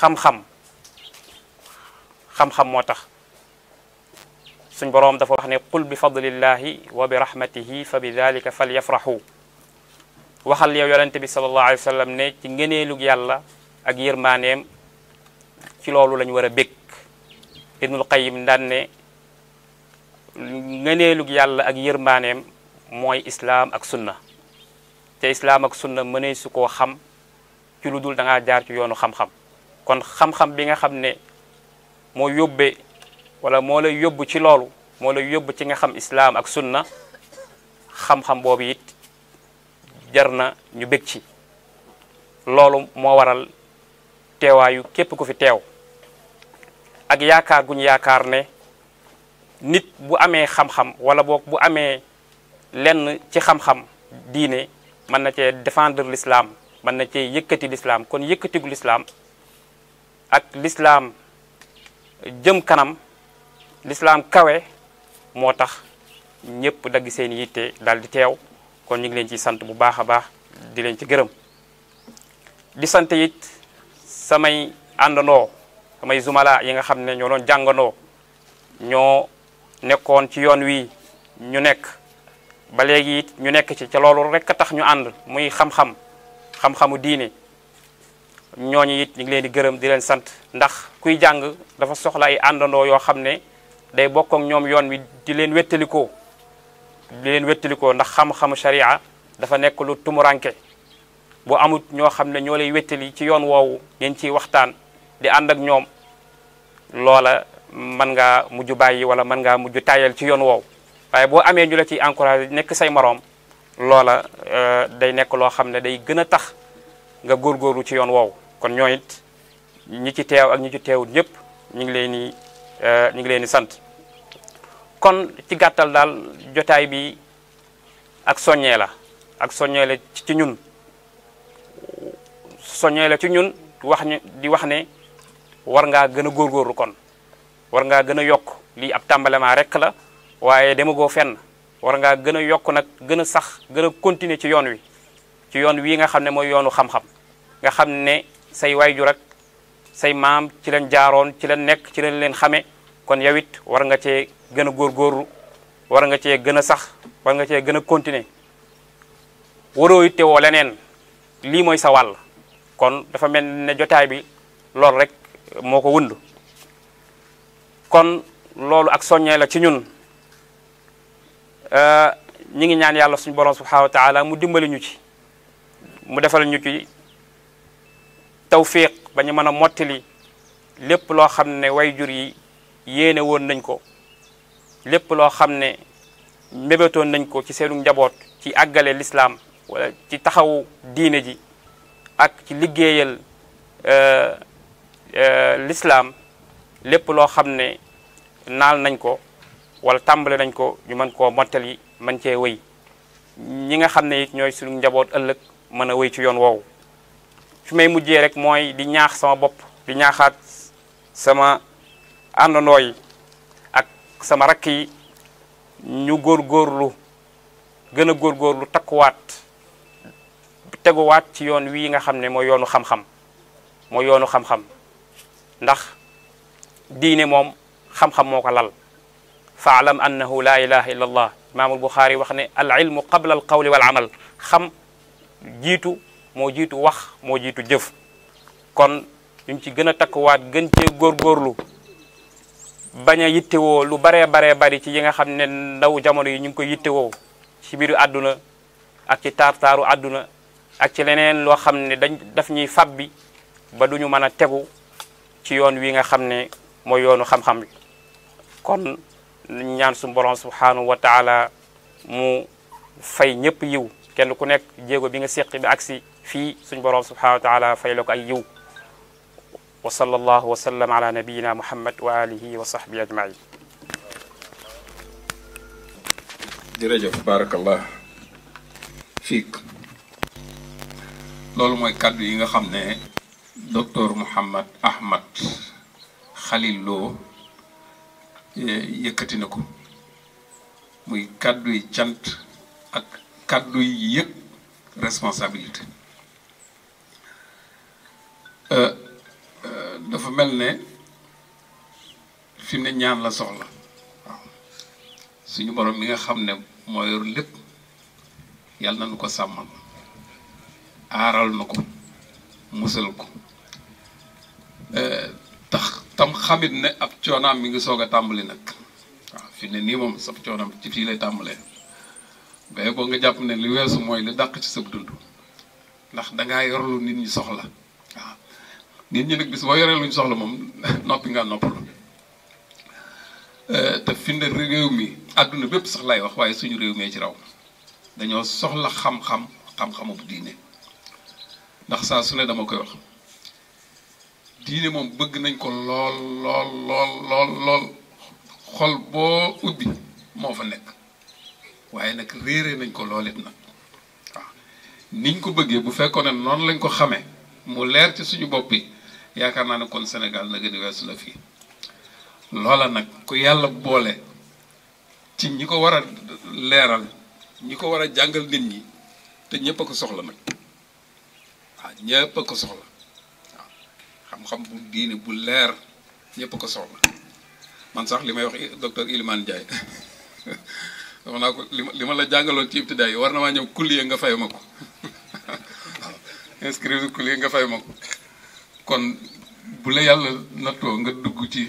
xam-xam xam moo tax suñ boroom dafa wax ne qul bi fadlillahi wa bi rahmatihi fa bi dalika falyafrahu waxal yow yonente bi sallallahu alayhi wa sallam ne ci ngëneelug yàlla ak yërmaaneem ci loolu lañ war a bég ibnul qayim yàlla ak yërmaaneem mooy islaam ak sunna te islaam ak sunna mënee su xam ci lu dul da jaar ci yoonu xam-xam kon xam-xam bi nga xam ne moo yóbbee wala moo lay yóbbu ci loolu moo lay yóbbu ci nga xam islaam ak sunna xam-xam boobu it jar na ñu bég ci loolu moo waral teewaayu képp ku fi teew ak yaakaar guñ yaakaar ne nit bu amee xam-xam wala boog bu amee lenn ci xam-xam diine mën na cee défendre l'islam mën na cee yëkkati lislaam kon yëkkatigu lislaam ak lislaam jëm kanam lislaam kawe moo tax ñëpp dagg seen yitte dal di teew kon ñu ngi leen ci sant bu baax a baax di leen ci gërëm di sant it samay àndandoo samay zumala yi nga xam ne ñoo doon jàngandoo ñoo nekkoon ci yoon wi ñu nekk ba léegi it ñu nekk ci ca loolu rek a tax ñu ànd muy xam-xam xam-xamu diine ñooñu it ñu leen di gërëm di leen sant ndax kuy jàng dafa soxla ay àndandoo yoo xam ne day bokk ak ñoom yoon wi di leen wettalikoo di leen wettalikoo ndax xam-xamu sharia dafa nekk lu tumuraanke bu amut ñoo xam ne ñoo lay wettali ci yoon woowu ngeen ciy waxtaan di ànd ak ñoom loola mën ngaa mujju bàyyi wala mën ngaa mujj tayal ci yoon woow waaye boo amee ñu la ciy encouragé nekk say moroom loola euh, day nekk loo xam ne day gën a tax nga góorgóorlu ci yoon woowu kon ñooyit it ñi ci teew ak ñi ci teewut ñëpp ñu ngi leen di euh, ñu ngi leen di sant kon ci gàttal daal jotaay bi ak soññee la ak soññee la ci ñun soññee la ci ñun wax ñu di wax ne war ngaa gën a góorgóorlu kon war ngaa gën a yokk lii ab tàmbalema rek la waaye demagoo fenn war ngaa gën a yokk nag gën a sax gën a continuer ci yoon wi ci yoon wii nga xam ne mooy yoonu xam-xam nga xam ne say waayjur ak say maam ci leen jaaroon ci leen nekk ci leen leen xame kon yow it war nga cee gën góor góorgóorlu war nga cee gën a sax war nga cee gën a continuer waroo it te woo leneen lii mooy sa wàll kon dafa mel ne jotaay bi loolu rek moo ko wund kon loolu ak soññee la ci ñun Euh, ñu ngi ñaan yàlla suñu borom subhanahu wa taala mu dimbali ñu ci mu defal ñu ci tawfiq ba ñu mën a mottali lépp loo xam ne way jur yi yéene woon nañ ko lépp loo xam ne mébétoon nañ ko ci seenu njaboot ci àggale lislaam ci taxaw diine ji ak ci liggéeyal euh, euh, lislaam lépp loo xam ne naal nañ ko wala tàmbale nañ ko ñu mën koo mottali man cee wéy ñi nga xam ne it ñooy suñu njaboot ëllëg mën a wéy ci yoon woowu fi may mujjee rek mooy di ñaax sama bopp di ñaaxaat sama àndandoo ak sama rakk yi ñu góor góorlu gën a góor góorgóorlu takkuwaat teguwaat ci yoon wii nga xam ne mooy yoonu xam-xam mooy yoonu xam-xam ndax diine moom xam-xam moo ko lal faalam annahu laa ilaha illa allah imaamul buxaari wax ne al ilmu qabla al qawli wal amal xam jiitu moo jiitu wax moo jiitu jëf kon ñu ci gën a takkuwaat gën cee góorgóorlu bañ a yittewoo lu baree baree bari ci yi nga xam ne ndaw jamono yi ñu ngi ko yittewoo ci biiru àdduna ak ci taar-taaru àdduna ak ci leneen loo xam ne dañ daf ñuy fab bi ba duñu mën a tegu ci yoon wi nga xam ne mooy yoonu xam-xam bi kon ñaan suñu borom subhanahu wa taala mu fay ñëpp yiw kenn ku nekk jéego bi nga séqi bi agsi fii suñu borom subhanahu wa taala fay la ko ay yiw wa sallallahu wa sallam wa alihi wa sahbihi ajmain jërëjëf barakallah fiik loolu mooy kàddu yi nga xam ne Eh, yëkkati na ko muy kàddu yi cant ak kàddu yi yëg responsabilité eh, eh, dafa mel ne fi mu ne ñaan la soxla suñu borom mi nga xam ne moo yor lépp yàlla nañu ko sàmmal aaral na ko musal ko tam xamit ne ab coonaam mi ngi soog a tàmbali nag waaw fi ne nii moom sab coonaam ci fii lay tàmbalee ba boo nga jàpp ne li weesu mooy li dàq ci sa dund ndax dangaa yorlu nit ñi soxla waaw nit ñi nag bis boo yoree luñ soxla moom noppi nga noppalu euh, te fi ne réew mi àdduna bépp sax lay wax waaye suñu réew mee ci raw dañoo soxla xam-xam xam-xamu bu diine ndax saa su ne dama koy wax de moom bëgg nañ ko lool lool lool lool lool xol boo ubbi moo fa nekk waaye nag réere nañ ko lool it nag waaw niñ ko bëggee bu fekkoon ne noonu lañ ko xame mu leer ci suñu bopp bi yaakaar naa ne kon Sénégal na gën la fii loola nag ku yàlla boole ci ñi ko war a leeral ñi ko war a jàngal nit ñi te ñëpp ko soxla nag waaw ñëpp ko soxla xam-xam bu diine bu leer ñëpp ko soxla man sax li may wax docteur Ilimane Ndiaye wax naa ko li ma la jàngaloo ci ibtidaay war na maa ñëw kulliye nga fay ma ko kul kulliye nga fay ma ko kon bu la yàlla nattoo nga dugg ci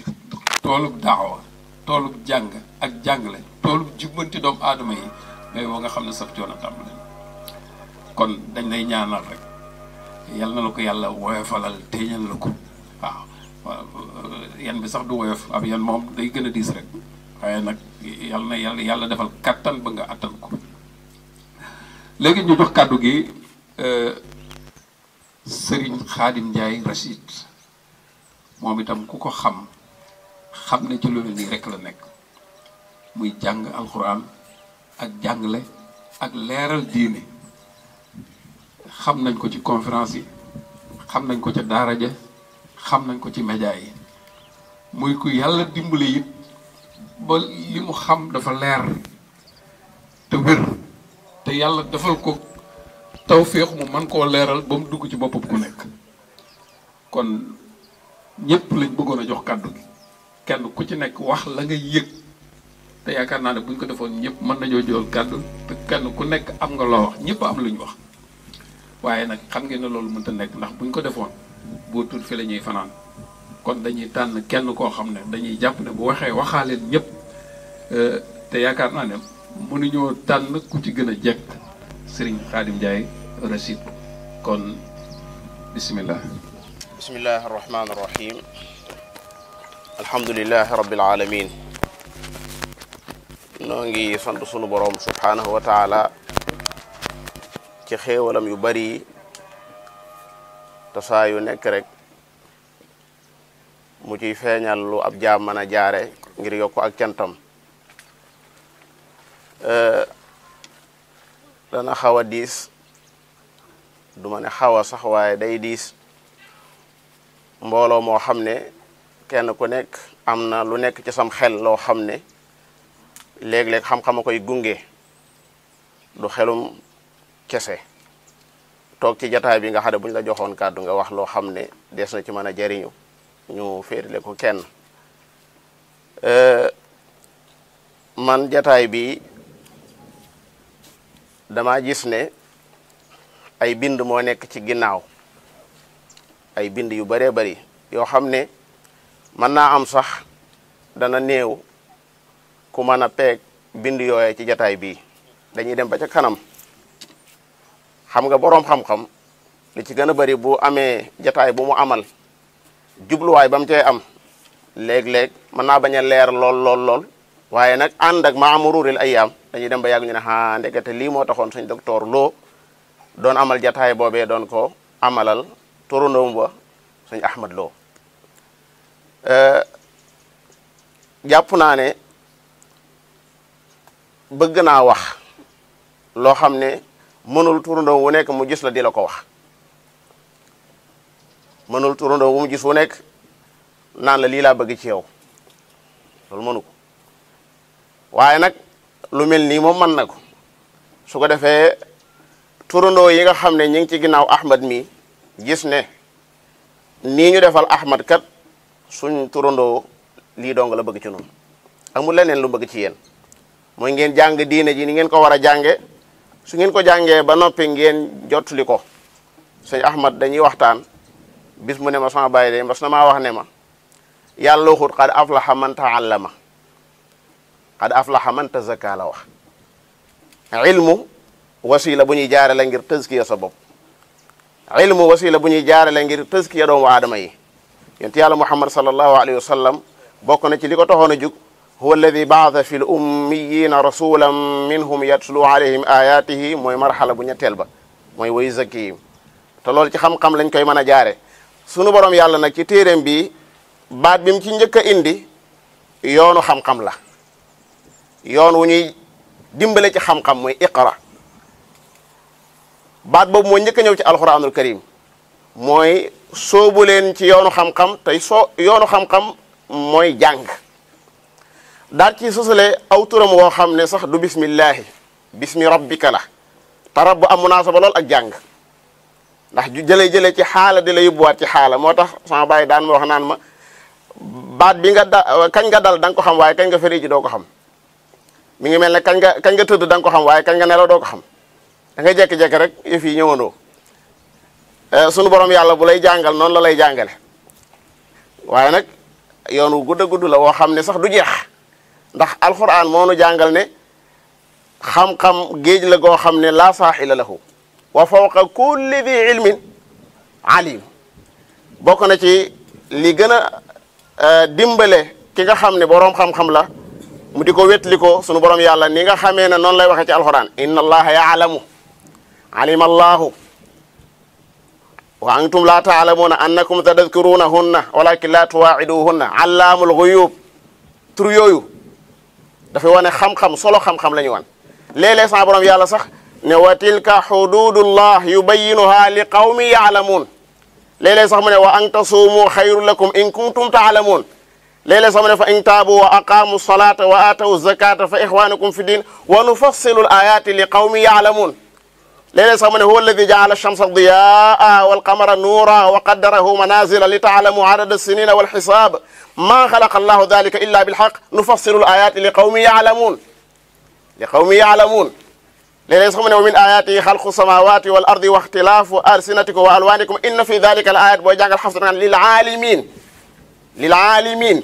toolub daawa toolub jàng ak jàngale toolub jubbanti doomu aadama yi mais boo nga xam ne sab coono tàmbali kon dañ lay ñaanal rek yal na la ko yàlla woyofalal téeñal la ko yan bi sax du woyof ab yan moom day gën a diis rek waaye nag yal na yàlla defal kàttan ba nga àttan ko léegi ñu jox kàddu gi euh, sëriñ xaadim njaay rachid moom itam ku ko xam xam ne ci loolu nii rek la nekk muy jàng alxuraan ak jàngle ak leeral diine xam nañ ko ci conférence yi xam nañ ko ca daara ja xam nañ ko ci média yi muy ku yàlla dimbale it ba li mu xam dafa leer te wér te yàlla defal ko tawféex mu man koo leeral ba mu dugg ci boppam ku nekk kon ñëpp lañ bëggoon a jox kàddu gi kenn ku ci nekk wax la nga yëg te yaakaar naa ne buñ ko defoon ñëpp mën nañoo jël kàddu kenn ku nekk am nga loo wax ñëpp am lu ñu wax waaye nag xam ngeen ne loolu mënta nekk ndax buñ ko defoon boo tuut fi la ñuy fanaan kon dañuy tànn kenn koo xam ne dañuy jàpp ne bu waxee waxaaleen ñëpp euh, te yaakaar naa ne mënuñoo tànn ku ci gën a jekk sëriñ Xaadim Njaay rasid kon bismillah bismillah arrahman arrahim alhamdulilah rabbil alamin noo ngi sant sunu borom subhanahu wa ci xéewalam yu bari yi yu nekk rek mu ciy feeñal lu ab jaam jaare ngir yokk ak cantam dana xaw a diis du ma ne xaw a sax waaye day diis mbooloo moo xam ne kenn ku nekk am na lu nekk ci sam xel loo xam ne léeg-léeg xam-xama koy gunge du xelum kese toog ci jataay bi nga xam ne bu ñu la joxoon kàddu nga wax loo xam ne des na ci mën a jariñu ñu féerile ko kenn man jataay bi dama gis ne ay bind moo nekk ci ginnaaw ay bind yu bëree bari yoo xam ne mën naa am sax dana néew ku mën a peeg bind yooye ci jataay bii dañuy dem ba ca kanam xam nga boroom xam-xam li ci gën a bari bu amee jataay bu mu amal jubluwaay bam mu cay am léeg-léeg mën naa bañ a leer lool lool lool waaye nag ànd ak maa mururil ayyaam dañuy dem ba yàgg ñu ne ah ndekete lii moo taxoon suñ docteur loo doon amal jataay boobee doon ko amalal turandoom ba suñ Ahmad Lo euh, jàpp naa ne bëgg naa wax loo xam ne mënul turandoo wu nekk mu gis la di la ko wax mënul turandoo wu mu gis wu nekk naan la lii laa bëgg ci yow loolu mënu ko waaye nag lu mel nii moom mën na ko su ko defee turandoo yi nga xam ne ñi ngi ci ginnaaw Ahmad mii gis ne nii ñu defal Ahmad kat suñ turandoo lii dong la bëgg ci noonu amul leneen lu bëgg ci yéen mooy ngeen jàng diine ji ni ngeen ko war a jànge su ngeen ko jàngee ba noppi ngeen jottali ko sëñ Ahmad dañuy waxtaan bis mu ne ma sama bàyyi de mas na maa wax ne ma yàlla waxut xad aflaxa man taallama xad aflaxa man tazakka la wax ilmu wasila bu ñuy jaare la ngir tëskiya sa bopp ilmu wasila bu ñuy jaare la ngir tëskiya doomu aadama yi yonent yàlla muhammad sallallahu alayhi wa sallam bokk na ci li ko taxoon a jug huwa alladi baata fi l ummiyina rasulan minhum yatlu alayhim ayatihi mooy marxala bu ñetteel ba mooy way zakkihim te loolu ci xam-xam lañ koy mën a jaare sunu borom yàlla nag ci téeréem bi baat bi ci njëkk a indi yoonu xam-xam la yoon wu ñuy dimbale ci xam-xam mooy iqra baat boobu moo njëkk a ñëw ci alxuraanul karim mooy soobu ci yoonu xam-xam tey soo yoonu xam-xam mooy jàng daal ci sosalee aw turam woo xam ne sax du bismillahi bismi rabbika la te rab bu am munaasaba lool ak jàng ndax ju jëlee-jëlee ci xaala di la yóbbuwaat ci xaala moo tax sama bàyyi daan ma wax naan ma baat bi nga da kañ nga dal da ko xam waaye kañ nga fëri ji ko xam mi ngi mel ne kañ nga kañ nga tëdd da ko xam waaye kañ nga nelaw doo ko xam da nga jekki rek yëf yi ñëwandoo eh, sunu borom yàlla bu lay jàngal noonu la lay jàngale waaye nag yoonu gudd a gudd la woo xam ne sax du jeex ndax alxuraan moo nu jàngal ne xam-xam géej la goo xam ne laa saaxila lahu wa fawqa kulli di ilmin alim bokk na ci li gën a euh, dimbale ki nga xam ne boroom xam-xam la mu di ko wétli ko sunu borom yàlla ni nga xamee ne noonu lay waxe ci alxuraan inna allaha yaalamu alima allahu wa antum la taalamuuna annakum tadadkiruunahunna walakin la tuwaaciduhunna allaamul guyub tur yooyu dafa wane xam-xam solo xam-xam la ñu wan léeg-léeg sama borom yàlla sax ne wa tilka xududullah yubayinuha li qawmi yaalamuun léeg-léeg sax mu ne wa an tasuumu xayru lakum in kuntum taalamuun léeg-léeg sax mu ne fa in taabu wa aqaamu salata wa aatawu zakata fa ixwaanukum fi din wa nufassilu l ayaati li qawmi yaalamuun léeg-léeg sax mu ne huwa alladi jaala shamsa diyaa wal qamara nuura wa qaddarahu manazila li taalamu adada sinina wal xisaab ma xalaqa allahu dalika illa bilxaq nufassilu l ayaati li qawmi yaalamuun li qawmi yaalamuun léeg-léeg sax mu ne wa min ayaatihi xalqu samawati wal ardi wa ixtilaafu alsinatikum wa alwanikum inna fi dalika al ayat booy jàngal xafsa naan lil aalimin lil aalimin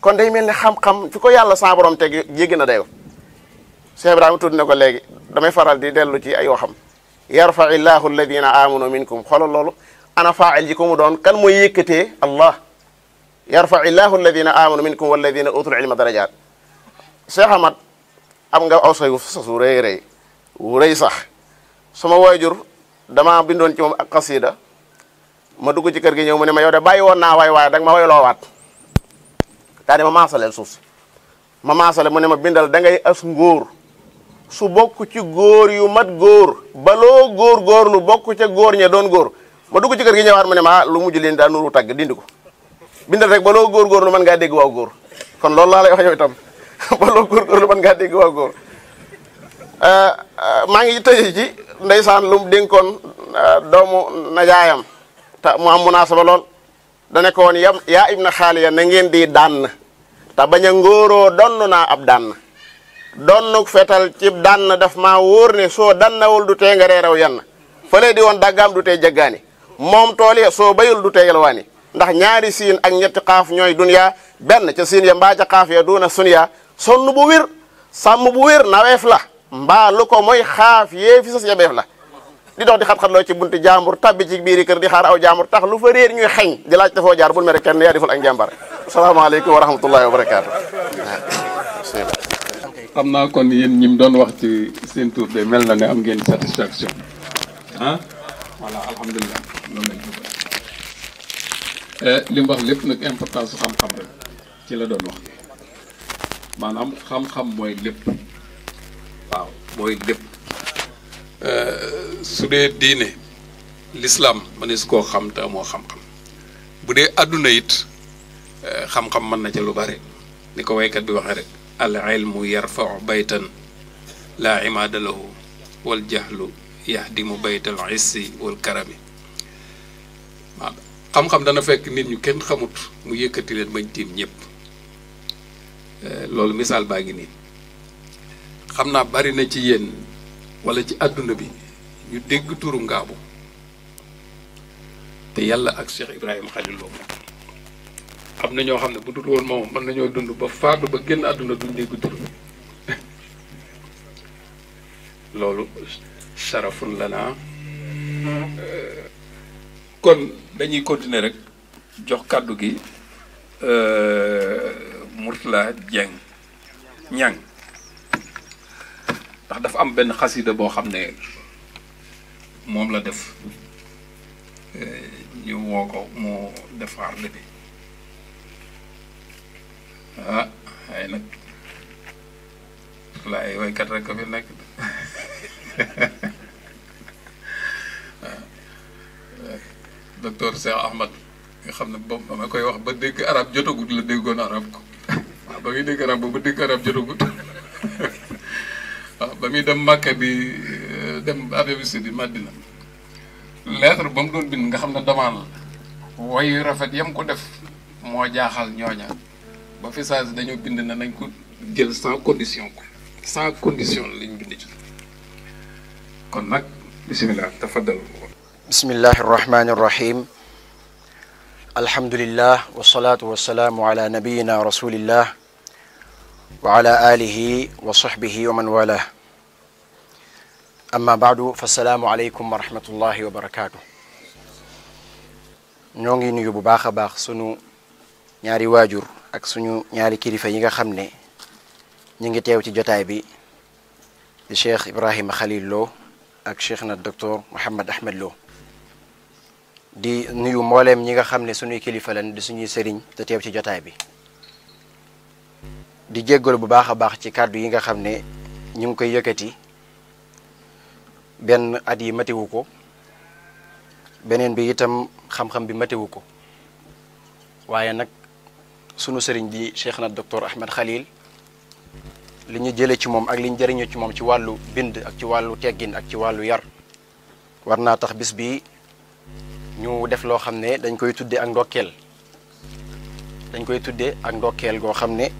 kon day mel ne xam-xam fi ko yàlla saa borom teg jéggi na dayo Cheikh Ibrahima tudd na ko léegi damay faral di dellu ci ay waxam yarfa illahu alladina amanu minkum xoolal loolu ana faa'il ji ko mu doon kan mooy yëkkatee allah yarfa illahu alladina amanu minkum walladina utul ilma darajat Cheikh Ahmad am nga aw say su rëy rëy wu rëy waajur damaa bindoon ci moom a xasida ma dugg ci kër gi ñëw mu ne ma yow de bàyyi woon naa waay waaye danga ma wayloowaat daa ne ma maasaleel suuf si ma maasale mu ne ma bindal da ngay su bokk ci góor yu mat góor baloo góor góor nu bokk ca góor ña doon góor ma dugg ci kër gi ñëwaat mu ne ma ah, lu mujj leen daa nuru tàgg di ko bindal rek baloo góor góor nu mën ngaa dégg waaw góor kon loolu laa lay wax yow itam baloo ngaa dégg waaw góor ah, ah, maa ngi tëje ji ndeysaan lu mu dénkoon doomu najaayam te mu am munaasaba lool da nekkoon yam yaa ibna xaaliya na ngeen di dànn te bañ a ngóoroo donn naa ab dànn donnu fetal ci danna def maa wóor ne soo danna dannawul du tee nga reeraw yenn fële di woon daggam du te jaggaani moom tool ya soo bayul du te yalwaani ndax ñaari siin ak ñetti xaaf ñooy duniyaa benn ca siin ya mbaa ca xaaf ya duuna suniyaa sonn bu wér sàmm bu wér naweef la mbaa lu ko mooy xaaf yee fi sas yabeef la di dox di xat-xatloo ci bunti jaambur tabbi ci biiri kër di xaar aw jaambur tax lu fa réer ñuy xeñ di laaj dafoo jaar bul mere kenn yaa deful ak njàmbar asalaamaaleykum wa rahmatullahi wa barakaatu xam naa kon yéen ñi mu doon wax ci seen tur de mel na ne am ngeen satisfaction ah voilà alhamdulilah loolu eh, wax lépp nag importance su xam-xam rek ci la doon wax maanaam xam-xam mooy lépp waaw mooy lépp eh, su dee diine lislaam mëne su koo xam te amoo xam-xam bu dee àdduna it eh, xam-xam mën na ca lu bare ni ko waykat bi waxee rek al ilmu yarfau baytan laa imaada lahu wal jahlu yahdimu baytal issi wal karami xam-xam dana fekk nit ñu kenn xamut mu yëkkati leen bañ tiim ñépp eh, loolu misaal baa ngi nii xam naa bari na ci yéen wala ci àdduna bi ñu dégg turu ngaabu te yàlla ak Cheikh Ibrahima Khalil Lo am na ñoo xam ne bu dul woon moom mën nañoo dund ba faatu ba génn àdduna duñ dégg tur bi loolu sarafun la naa euh, kon dañuy continuer rek jox kàddu gi euh, Mourtala Dieng ñang ndax dafa am benn xasida boo xam ne moom la def euh, ñu woo ko mu def arle bi ah ay nag la ay waykat rek a fi nekk docteur Cheikh Ahmad nga xam ne boobu dama koy wax ba dégg arab jotagut la déggoon arab ko waaw ba muy dégg arab ba dégg arab jotagut waaw ba muy dem Màkka bi euh, dem bi Saoudite Madina lettre ba mu doon bind nga xam ne demande woyu rafet yam ko def moo jaaxal ñooña ba fi saa si dañoo bind na nañ ko jël sans condition ko sans condition lañ bind ci kon nag bisimilah tafaddal bismillahi arrahmani arrahim alhamdulillah wasalaatu wasalaamu ala nabiyina rasulillah wa ala alihi wa sahbihi wa man wala amma baadu fasalaamu aleykum wa rahmatullahi wa barakaatu ñoo ngi nuyu bu baax a baax sunu ñaari waajur suñu ñaari kilifa yi nga xam ne ñu ngi teew ci jotaay bi di cheikh Ibrahima Khalil Lo ak cheikh na docteur Mouhamed Ahmed Lo di nuyu mbooleem ñi nga xam ne suñuy kilifa lan di suñuy sëriñ te teew ci jotaay bi di jéggalu bu baax a baax ci kàddu yi nga xam ne ñu ngi koy yëkkati benn at yi matiwu ko beneen bi itam xam-xam bi matiwu ko waaye nag sunu sëriñ di cheikh na docteur Ahmed Khalil li ñu jëlee ci moom ak li ñu jëriñoo ci moom ci wàllu bind ak ci wàllu teggin ak ci wàllu yar war naa tax bis bi ñu def loo xam ne dañ koy tuddee ak ndokkeel dañ koy tuddee ak goo xam ne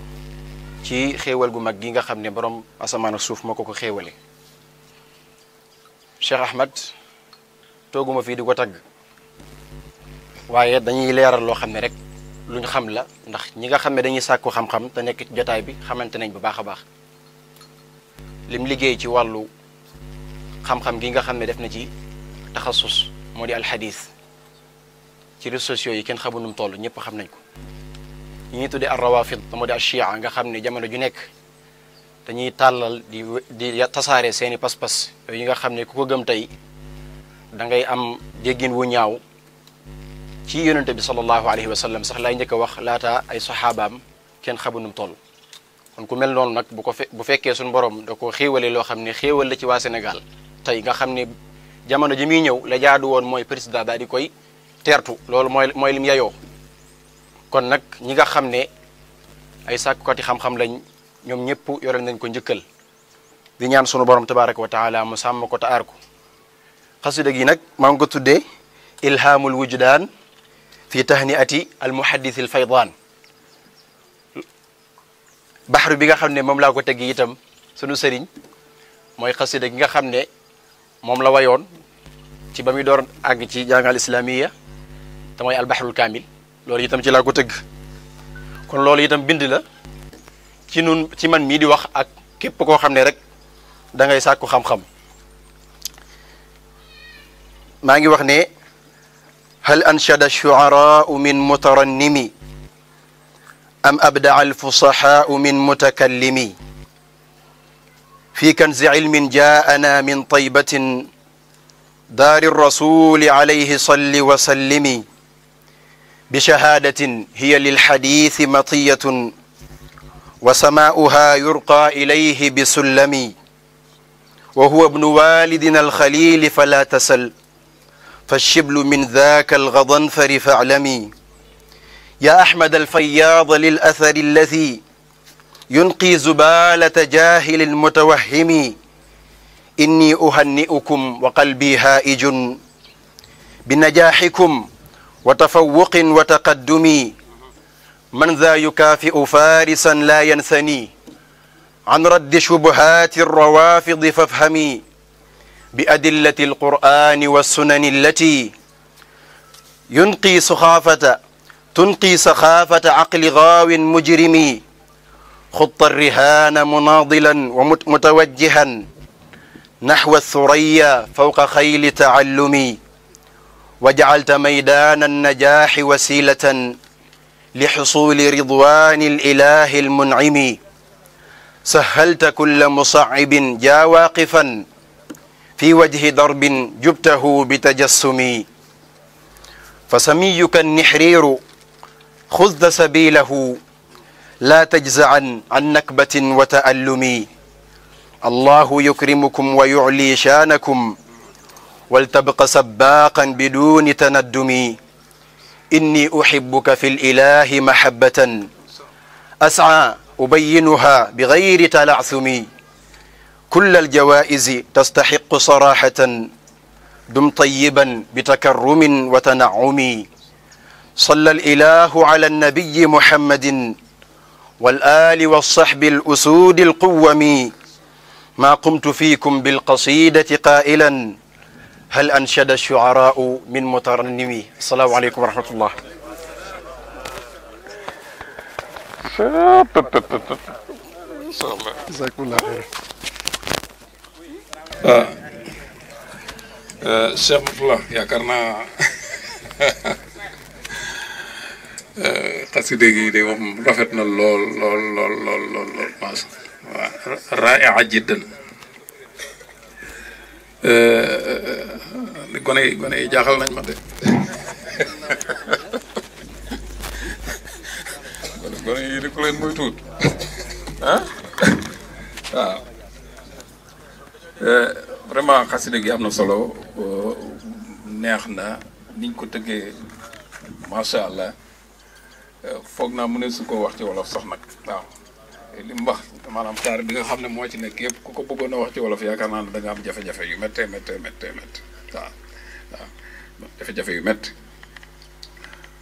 ci xéewal gu mag gi nga xam ne boroom asamaan ak suuf moo ko ko xéewale Cheikh Ahmed tooguma fii di ko tagg waaye dañuy leeral loo xam ne rek. lu ñu xam la ndax ñi nga xam ne dañuy sàkku xam-xam te nekk ci jotaay bi xamante nañ bu baax a baax lim liggéey ci wàllu xam-xam gi nga xam ne def na ci taxasus moo di alxadis ci réseaux sociaux yi kenn xamu nu mu toll ñëpp xam nañ ko ñi ñuy tuddee arrawafid moo nga xam ne jamono ju nekk dañuy tàllal di di tasaare seeni pas-pas yooyu nga xam ne ku ko gëm tey da ngay am jéggin wu ñaaw ci yonente bi sallallahu alayhi wa sallam sax laay njëkk wax laataa ay saxaabaam kenn xamunum tool kon ku mel noonu nag bu ko fe bu fekkee suñu borom da ko xéewale loo xam ne xéewal la ci waa Sénégal tey nga xam ne jamono ji muy ñëw la jaadu woon mooy président daal di koy teertu loolu mooy mooy lim yayoo kon nag ñi nga xam ne ay sàkkukati xam-xam lañ ñoom ñëpp yoreel nañ ko njëkkal di ñaan sunu borom tabaraka wa taala mu sàmm ko taar ko xasida gi nag maa ngi ko tuddee ilhaamul wujdaan fi tahniati al muhaddis al faydaan baxru bi nga xam ne moom laa ko tegg itam sunu sëriñ mooy xasida gi nga xam ne moom la wayoon ci ba muy door àgg ci jàngal islamiya te mooy albaxrul kaamil loolu itam ci laa ko tëgg kon loolu itam bind la ci nun ci man mii di wax ak képp koo xam ne rek dangay ngay sàkku xam-xam maa ngi wax ne hal anshada shuaraau min mutarannimi am abdaa alfusahaau min mutakallimi fi kanzi ilmin jaana min taybatin daari rasuli alayhi salli wa sallimi بشهادة هي للحديث مطية وسماؤها يرقى إليه بسلم وهو ابن والدنا الخليل فلا تسل فالشبل من ذاك الغضنفر فاعلمي يا أحمد الفياض للأثر الذي ينقي زبالة جاهل متوهم إني أهنئكم وقلبي هائج بنجاحكم وتفوق وتقدم من ذا يكافئ فارسا لا ينثني عن رد شبهات الروافض فافهمي بأدلة القرآن والسنن التي ينقي سخافة تنقي سخافة عقل غاو مجرم خط الرهان مناضلا ومتوجها نحو الثريا فوق خيل تعلمي وجعلت ميدان النجاح وسيلة لحصول رضوان الإله المنعم سهلت كل مصعب جا واقفا fi wajhi darbin jubtahu bi tajassumi fa samiyuka nixriiru xudda sabiilahu laa tajza'an an nakbatin wa ta'allumi allahu yukrimukum wa yucli shaanakum waltabqa sabbaaqan biduuni tanaddumi inni uxibuka fi lilahi mahabatan ascaa ubayinuha bigayri talacsumi kulla aljawaisi tastaxiqu sarahatan dum tayiban bitakarrumin wa tanacumi salla alilahu ala annabiyi muhammadin والآل والصحب الأسود القوم ما قمت فيكم بالقصيدة قائلا هل أنشد الشعراء من مترنمي السلام عليكم ورحمة الله جزاكم الله خير Ah. Eh, Cheikh Moutalla yaakaar naa eh, xasida gi day wax rafet na lool lool lool lool lool lool maas waaw raaia gone gone yi jaaxal nañ ma de gone yi di ko leen tuut Euh, vraiment xasida gi am na solo euh, neex na niñ ko tëggee macha allah euh, foog naa mu ne su ko wax ci wolof sox nag waaw li mu wax maanaam taar bi nga xam ne moo ci nekk yëpp ku ko bëggoon a wax ci wolof yaakaar naa ne da nga am jafe-jafe yu méttee méttee méttee méttee waaw waaw jafe-jafe yu métti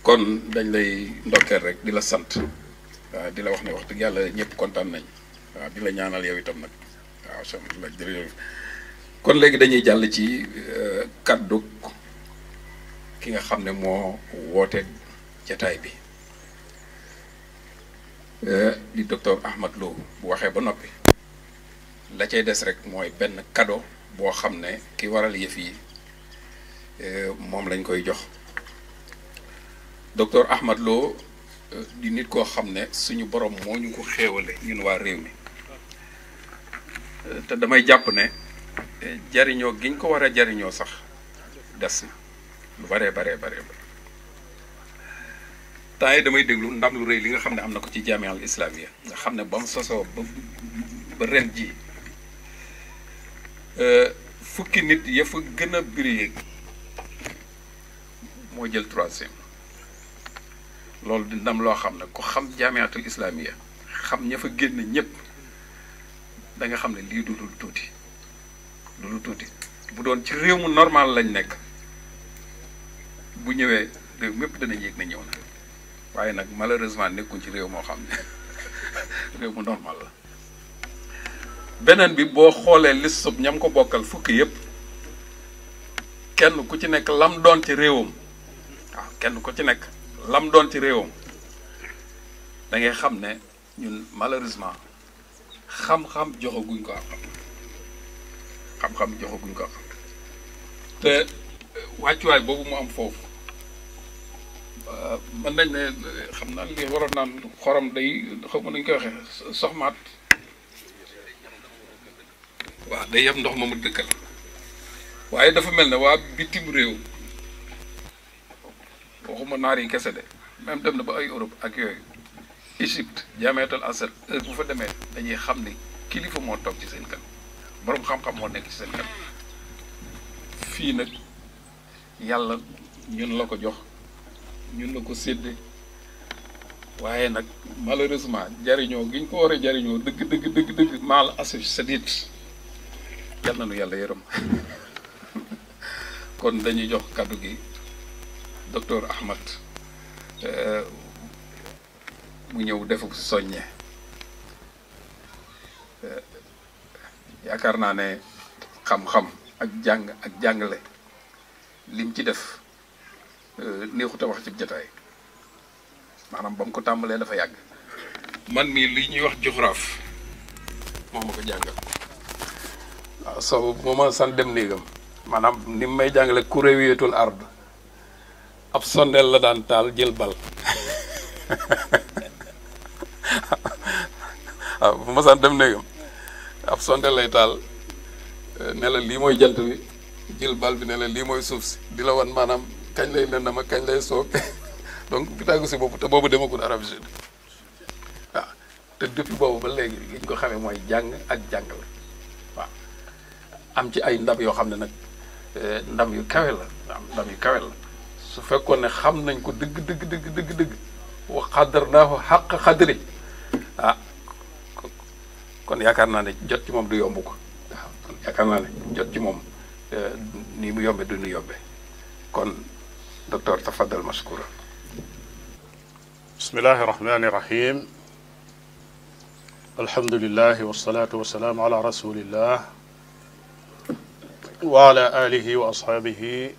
kon dañ lay ndokkeel rek di la sant waaw di la wax ne wax dëgg yàlla ñëpp kontaan nañ waaw di la ñaanal yow itam nag. waaw soxna la jërëjëf kon léegi dañuy jàll ci euh, kàddu ki nga xam ne moo woote jataay bi euh, di docteur Ahmad Lo bu waxee ba noppi la cay des rek mooy benn cadeau boo xam ne ki waral yëf yi euh, moom lañ koy jox docteur Ahmad Lo di nit koo xam ne suñu borom moo ñu ko xéewale ñun waa réew mi te damay jàpp ne eh, jariñoo giñ ko war a jariñoo sax des na lu baree baree baree ba yi damay déglu ndam lu rëy li nga xam ne am na ko ci jaami al islamiya nga xam ne ba mu sosoo ba ba ren eh, fukki nit ya fa gën a briller moo jël troisième loolu di ndam loo xam ne ku xam jaamiatul islamiya xam ña fa génn ñëpp da nga xam ne lii du lu tuuti du lu tuuti bu doon ci réew mu normal lañ nekk bu ñëwee réew mépp danañ yéeg na ñëw na waaye nag malheureusement nekkuñ ci réew moo xam ne réew mu normal la beneen bi boo xoolee listub ñam ko bokkal fukk yépp kenn ku ci nekk lam doon ci réewam waaw kenn ku ci nekk lam doon ci réewam da ngay xam ne ñun malheureusement xam-xam joxaguñ ko àqam xam-xam joxaguñ ko àqam te eh, wàccuwaay boobu mu am foofu eh, mën nañ ne eh, xam naa li waroon naan xorom day xaw ma nañ koy waxee soxmaat waaw day yem ndox moomu dëkkal waaye dafa mel ne waa bitim réew waxuma naar yi kese de même dem na ba ay Europe ak yooyu Égypte jaameetal asad bu fa demee dañuy xam ni kilifa moo toog ci seen kan boroom xam-xam moo nekk ci seen kan fii nag yàlla ñun la ko jox ñun la ko sédde waaye nag malheureusement jariñoo gi ñu ko war a jariñoo dëgg dëgg dëgg dëgg maal asaf sadit yal na nu yàlla yërëm kon dañuy jox kàddu gi docteur Ahmad euh, mu ñëw defuk soññe eh, yaakaar naa ne xam-xam ak jàng ak jàngale lim ci def eh, neexut a wax ci jotaay maanaam ba ko tàmbalee dafa yàgg. man mii li ñuy wax joxraaf moom ma jàngal. Ah, soo moom ma san dem néegam maanaam ni may jàngale kuréwiyatul ard ab sondeel la daan taal jël bal. waaw ah, ah, bu masaan dem néegam ab sonde lay taal eh, ne la lii mooy jant bi jël bal bi ne la lii mooy suuf si di la wan maanaam kañ lay lëndama kañ lay soog donc Pythagore si boobu te boobu demagul Arabie Saoudite waaw ah, te ba léegi li ko xamee mooy jàng ak jàngal waaw ci ay ndam yoo xam ne nag eh, ndam yu kawe la ndam yu kawe la su fekkoon ne xam nañ ko dëgg dëgg dëgg dëgg dëgg wa xadar naa ko xàq xadari Ah, kon yaakaar naa ne jot ci moom du yomb ko waaw kon eh, mu yombe du nu yombe kon docteur tafaddal maskura bismillahi rahmani rahim alhamdulilah wasalaatu wasalaamu ala wa ala alihi wa ashaabihi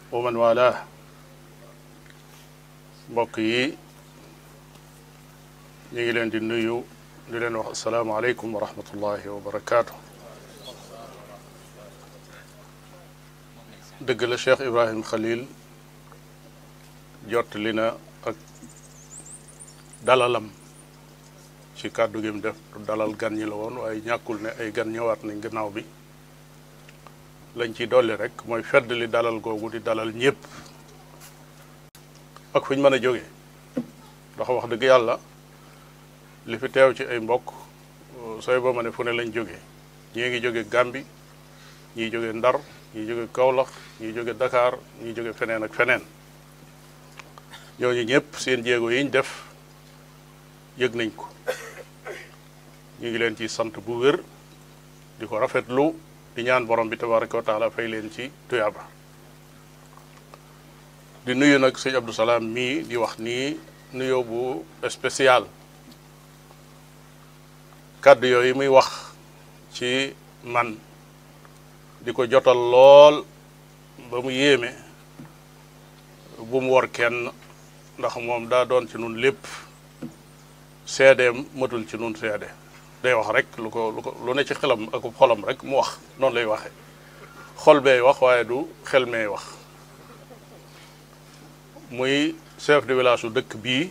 mbokk yi ñu leen di nuyu di leen wax asalaamaaleykum wa rahmatullahi wa barakaatu. dëgg la Cheikh Ibrahim Khalil jottali na ak dalalam ci kàddu gim mu def dalal gan ñi la woon waaye ñàkkul ne ay gan ñëwaat nañ gannaaw bi lañ ciy dolli rek mooy fedd li dalal googu di dalal ñépp ak fu ñu mën a jóge ndax wax dëgg yàlla. li fi teew ci ay mbokk sooy ba ma ne fu ne lañ jóge ñii ngi jóge Gàmbi ñii jóge Ndar ñii jóge Kaolack ñii jóge dakaar ñii jóge feneen ak feneen ñooñu ñëpp seen jéego yiñ def yëg nañ ko ñu ngi leen ci sant bu wér di ko rafetlu di ñaan borom bi te tabaraka wa taala fay leen ci tuyaaba di nuyu nag sëñ Abdou Salaam mii di wax nii nuyoo bu spécial kàddu yooyu muy wax ci man di ko jotal lool ba mu yéeme bu war kenn ndax moom daa doon ci nun lépp seedeem matul ci nun seede day wax rek lu ko lu ne ci xelam ak xolam rek mu wax noonu lay waxe xol bee wax waaye du xel mee wax muy chef de village dëkk bii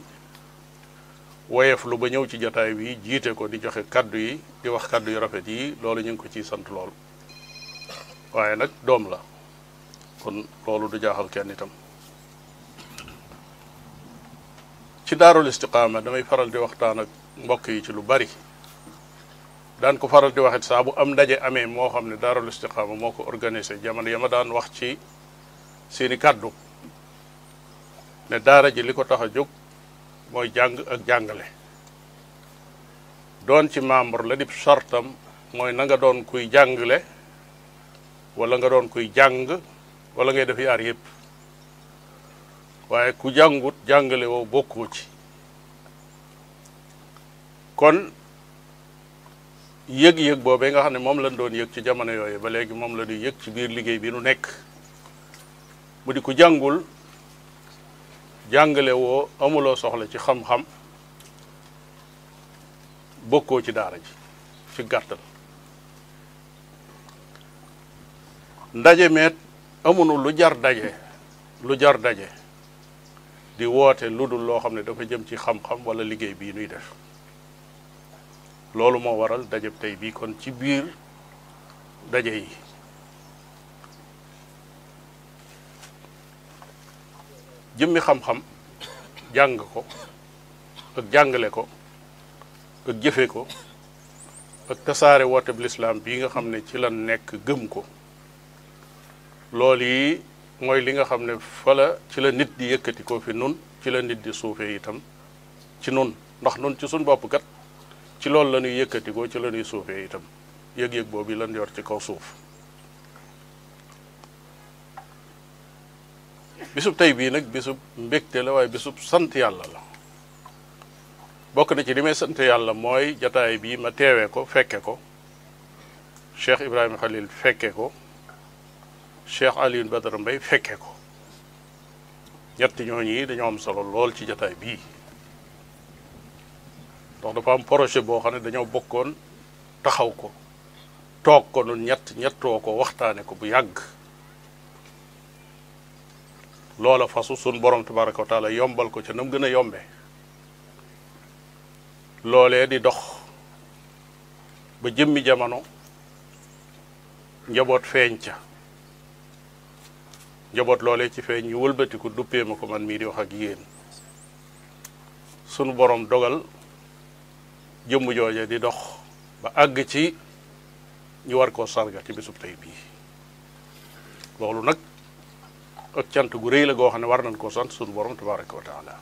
woyef lu ba ñëw ci jataay bii jiite ko di joxe kàddu yi di wax kàddu yu rafet yi loolu ñu ngi ko ciy sant lool waaye nag doom la kon loolu du jaaxal kenn itam ci daarul istiqaama damay faral di waxtaan ak mbokk yi ci lu bari daan ko faral di waxit saa bu am ndaje amee moo xam ne daarul istiqaama moo ko organisé jamono ya ma daan wax ci seeni kàddu ne daara ji li ko tax a jóg mooy jàng ak jàngale doon ci membre la dib sartam mooy na nga doon kuy jàngale wala nga doon kuy jàng walla ngay def yaar yëpp waaye ku jàngut jàngale woo bokkoo ci kon yëg-yëg boobee nga xam ne moom lañ doon yëg ci jamono yooyu ba léegi moom la di yëg ci biir liggéey bi nu nekk mu di ku jàngul jàngale woo amuloo soxla ci xam-xam bokkoo ci daara ji ci gàttal ndaje meet amunu lu jar daje lu jar daje di woote lu dul loo xam ne dafa jëm ci xam-xam wala liggéey bii nuy def loolu moo waral dajeb tey bii kon ci biir daje yi jëmmi xam-xam jàng ko ak jàngale ko ak jëfe ko ak tasaare woote bi lislaam bii nga xam ne ci la nekk gëm ko lool yi mooy li nga xam ne fa la ci la nit di yëkkati ko fi nun ci la nit di suufee itam ci nun ndax nun ci suñ bopp kat ci loolu la ñuy yëkkati ko ci la ñuy suufee itam yëg-yëg boobu lan yor ci kaw suuf bisub tey bii nag bisub mbégte la waaye bisub sant yàlla la bokk na ci li may sant yàlla mooy jataay bii ma teewee ko fekke ko cheikh Ibrahima Khalil fekke ko cheikh Alioune Badara Mbaye fekke ko ñetti ñooñu yi dañoo am solo lool ci jataay bii ndax dafa am projet boo xam ne dañoo bokkoon taxaw ko toog ko nun ñett ñettoo ko waxtaane ko bu yàgg loola fasu sun borom tabaraka wa taala yombal ko ca nam gën a yombe loolee di dox ba jëmmi jamono njaboot feeñ ca njaboot loolee ci feeñ ñu wëlbatiku duppee ma ko man mii di wax ak yéen sunu borom dogal jëmm jooje di dox ba àgg ci ñu war koo sarga ci bisub tey bii loolu nag ak cant gu rëy la goo xam ne war nañ koo sant suñu borom tabaraka wa taala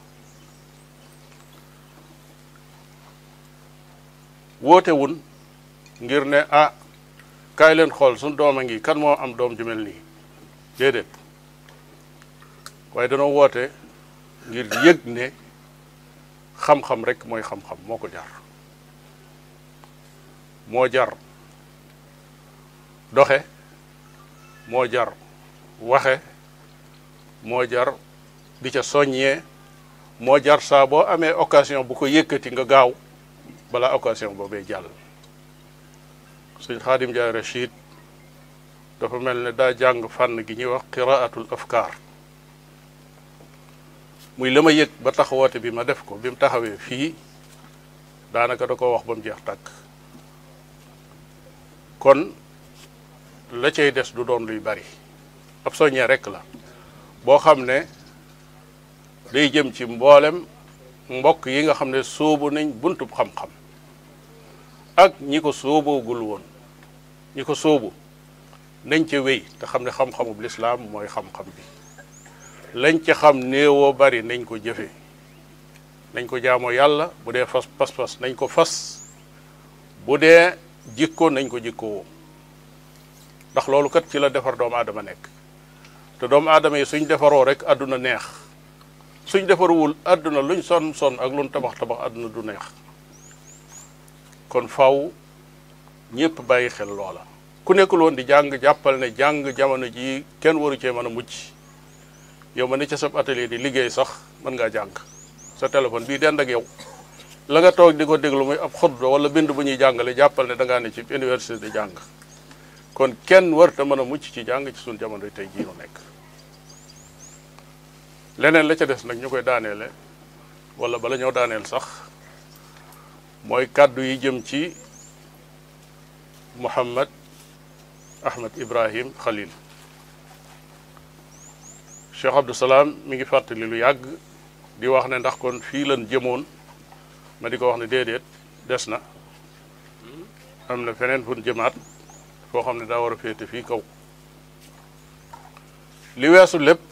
woote wun ngir ne ah kaay leen xool suñu doom a ngi kan moo am doom ju nii déedéet waaye danoo woote ngir yëg ne xam-xam rek mooy xam-xam moo ko jar moo jar doxe moo jar waxe moo jar bi ca soññee moo jar saa boo amee occasion bu ko yëkkati nga gaaw balaa occasion boobee jàll suñ xaadim jaay rachid dafa mel ne daa jàng fànn gi ñuy wax qiraatul afkaar muy la ma yëg ba taxawoote bi ma def ko bi mu taxawee fii daanaka da ko wax ba mu jeex tàkk kon la cay des du doon luy bari ab soññee rekk la boo xam ne day jëm ci mboolem mbokk yi nga xam ne sóobu nañ buntub xam-xam ak ñi ko sóoboogul woon ñi ko suubu nañ ca wéy te xam ne xam-xamub lislaam mooy xam-xam bi lañ ci xam néewoo bari nañ ko jëfe nañ ko jaamoo yàlla bu dee fas pas-pas nañ ko fas bu dee jikko nañ ko jikkoo ndax loolu kat ci la defar doomu aadama nekk te doomu aadama yi suñ defaroo rek àdduna neex suñ defaruwul àdduna luñ sonn sonn ak luñ tabax tabax àdduna du neex kon faw ñépp bàyyi xel loola ku nekk loon di jàng jàppal ne jàng jamono jii kenn waru cee mën a mucc yow ma ne ca sab atelier di liggéey sax mën ngaa jàng sa téléphone bii den ak yow la nga toog di ko déglu muy ab xutba wala bind bu ñuy jàngale jàppal ne dangaa ne ci université di jàng kon kenn warta mën a mucc ci jàng ci suñ jamono tey jii nu nekk leneen la ca des nag ñu koy daaneele wala bala ñëw daaneel sax mooy kàddu yi jëm ci Muhammad Ahmed Ibrahim Khalil Cheikh Abdou Salaam mi ngi fàttali lu yàgg di wax ne ndax kon fii lan jëmoon ma di ko wax ne déedéet des na am na feneen fu jëmaat koo xam ne daa war a féete fii kaw li weesu lépp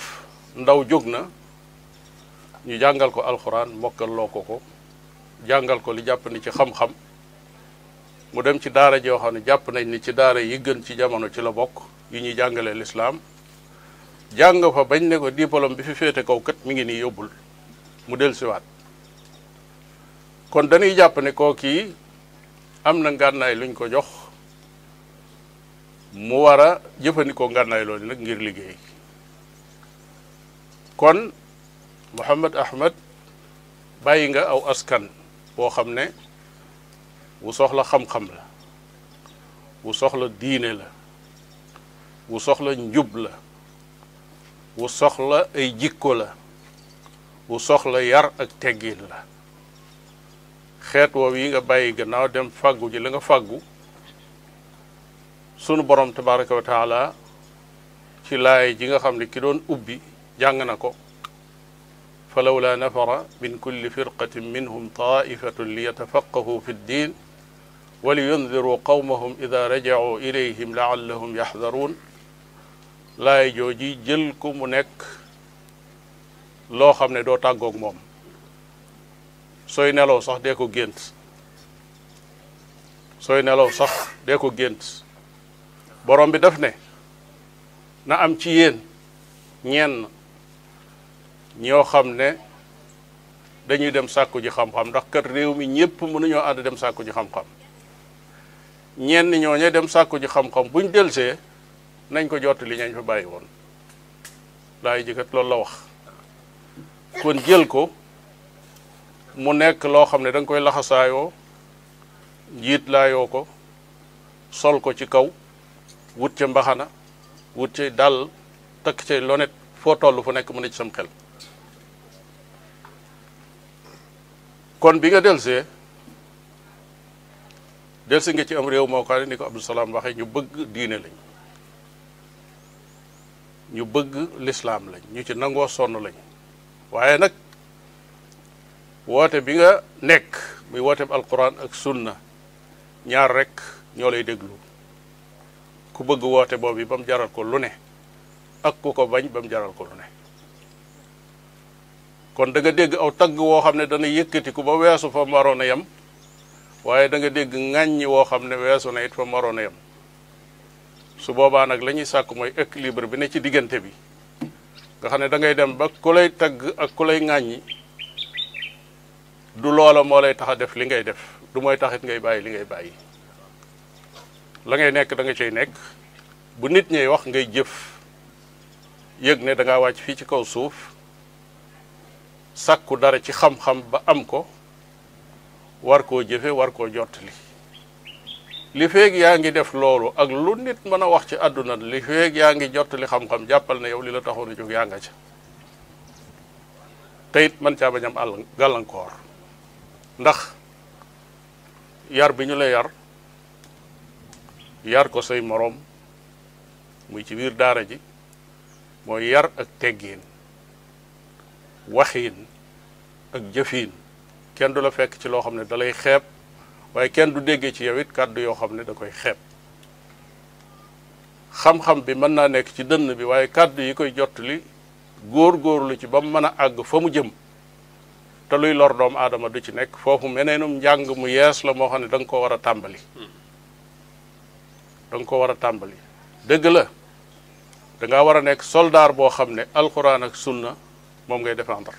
ndaw jóg na ñu jàngal ko alxuraan mokkal loo ko ko jàngal ko li jàpp ni ci xam-xam mu dem ci daara joo ne jàpp nañ ni ci daara yi gën ci jamono ci la bokk yi ñuy jàngale lislaam jàng fa bañ ne ko diplôme bi fi féete kaw kat mi ngi nii yóbbul mu dellusiwaat kon dañuy jàpp ne koo kii am na ngànnaay luñ ko jox mu war a jëfandikoo ngànnaay loolu nag ngir liggéey kon Mouhamed Ahmed bàyyi nga aw askan boo xam ne wu soxla xam-xam la wu soxla diine la wu soxla njub la wu soxla ay jikko la wu soxla yar ak teggin la xeet woow yi nga bàyyi gannaaw dem fàggu ji la nga fàggu sunu borom tabaraka wa ci lay ji nga xam ne ki doon ubbi jàng na ko falawla nafara min kulli firqatin minhum taifatun li yatafaqahu fi ddin wa li yundiruu qawmahum ida rajacuu jooji jël ko mu nekk loo xam ne doo tàggoog moom sooy nelaw sax dee ko gént nelaw sax dee gént borom bi daf ne na am ci yéen ñenn ñoo xam ne dañuy dem sàkku ji xam-xam ndax kat réew mi ñëpp mënuñoo ànd dem sàkku ji xam-xam ñenn ñooñu dem sàkku ji xam-xam buñ delsee nañ ko jottali ñañ fa bàyyi woon laay ji kat loolu la wax kon jël ko mu nekk loo xam ne da koy laxasaayoo njiit laayoo ko sol ko ci kaw wut ca mbaxana wut ca dàll takk ca lonet foo toll fu nekk mu ne ci sam xel kon bi nga delsee delsi nga ci am réew moo xam ne ni ko Abdou Salaam waxee ñu bëgg diine lañ ñu bëgg lislaam lañ ñu ci nangoo sonn lañ waaye nag woote bi nga nekk muy woote bi alquran ak sunna ñaar rekk ñoo lay déglu ku bëgg woote boobu ba mu jaral ko lu ne ak ku ko bañ ba mu jaral ko lu ne kon danga dégg aw tagg woo xam ne dana yëkkati ku ba weesu fa mu waroon a yem waaye danga dégg ŋàññi woo xam ne weesu na it fa mu waroon a yem su boobaa nag lañuy sàkk mooy équilibre bi ne ci diggante bi nga xam ne dangay dem ba ku lay tagg ak ku lay ŋàññi du loola moo lay tax a def li ngay def du mooy taxit ngay bàyyi li ngay bàyyi la ngay nekk danga nga nekk bu nit ñey wax ngay jëf yëg ne danga wàcc fii ci kaw suuf sàkku dara ci xam-xam ba am ko war koo jëfe war koo jottali li feeg yaa ngi def loolu ak lu nit mën a wax ci àdduna li feeg yaa ngi jottali xam-xam jàppal na yow li la taxoon a jóg yaa nga ca teyit man caa bañ am àll gàllankoor ndax yar bi ñu la yar yar ko say moroom muy ci biir daara ji mooy yar ak teggiin waxiin ak jëfiin kenn du la fekk ci loo xam ne dalay lay xeeb waaye kenn du dégge ci yow it kàddu yoo xam ne da koy xeeb xam-xam bi mën naa nekk ci dënn bi waaye kàddu yi koy jottali góor-góorlu ci ba mu mën a àgg fa mu jëm te luy lor doomu aadama du ci nekk foofu mu njàng mu yees la moo xam ne danga ko war a tàmbali hmm. da ko war a tàmbali dëgg la danga war a nekk soldaar boo xam ne alxuraan ak sunna moom ngay défendre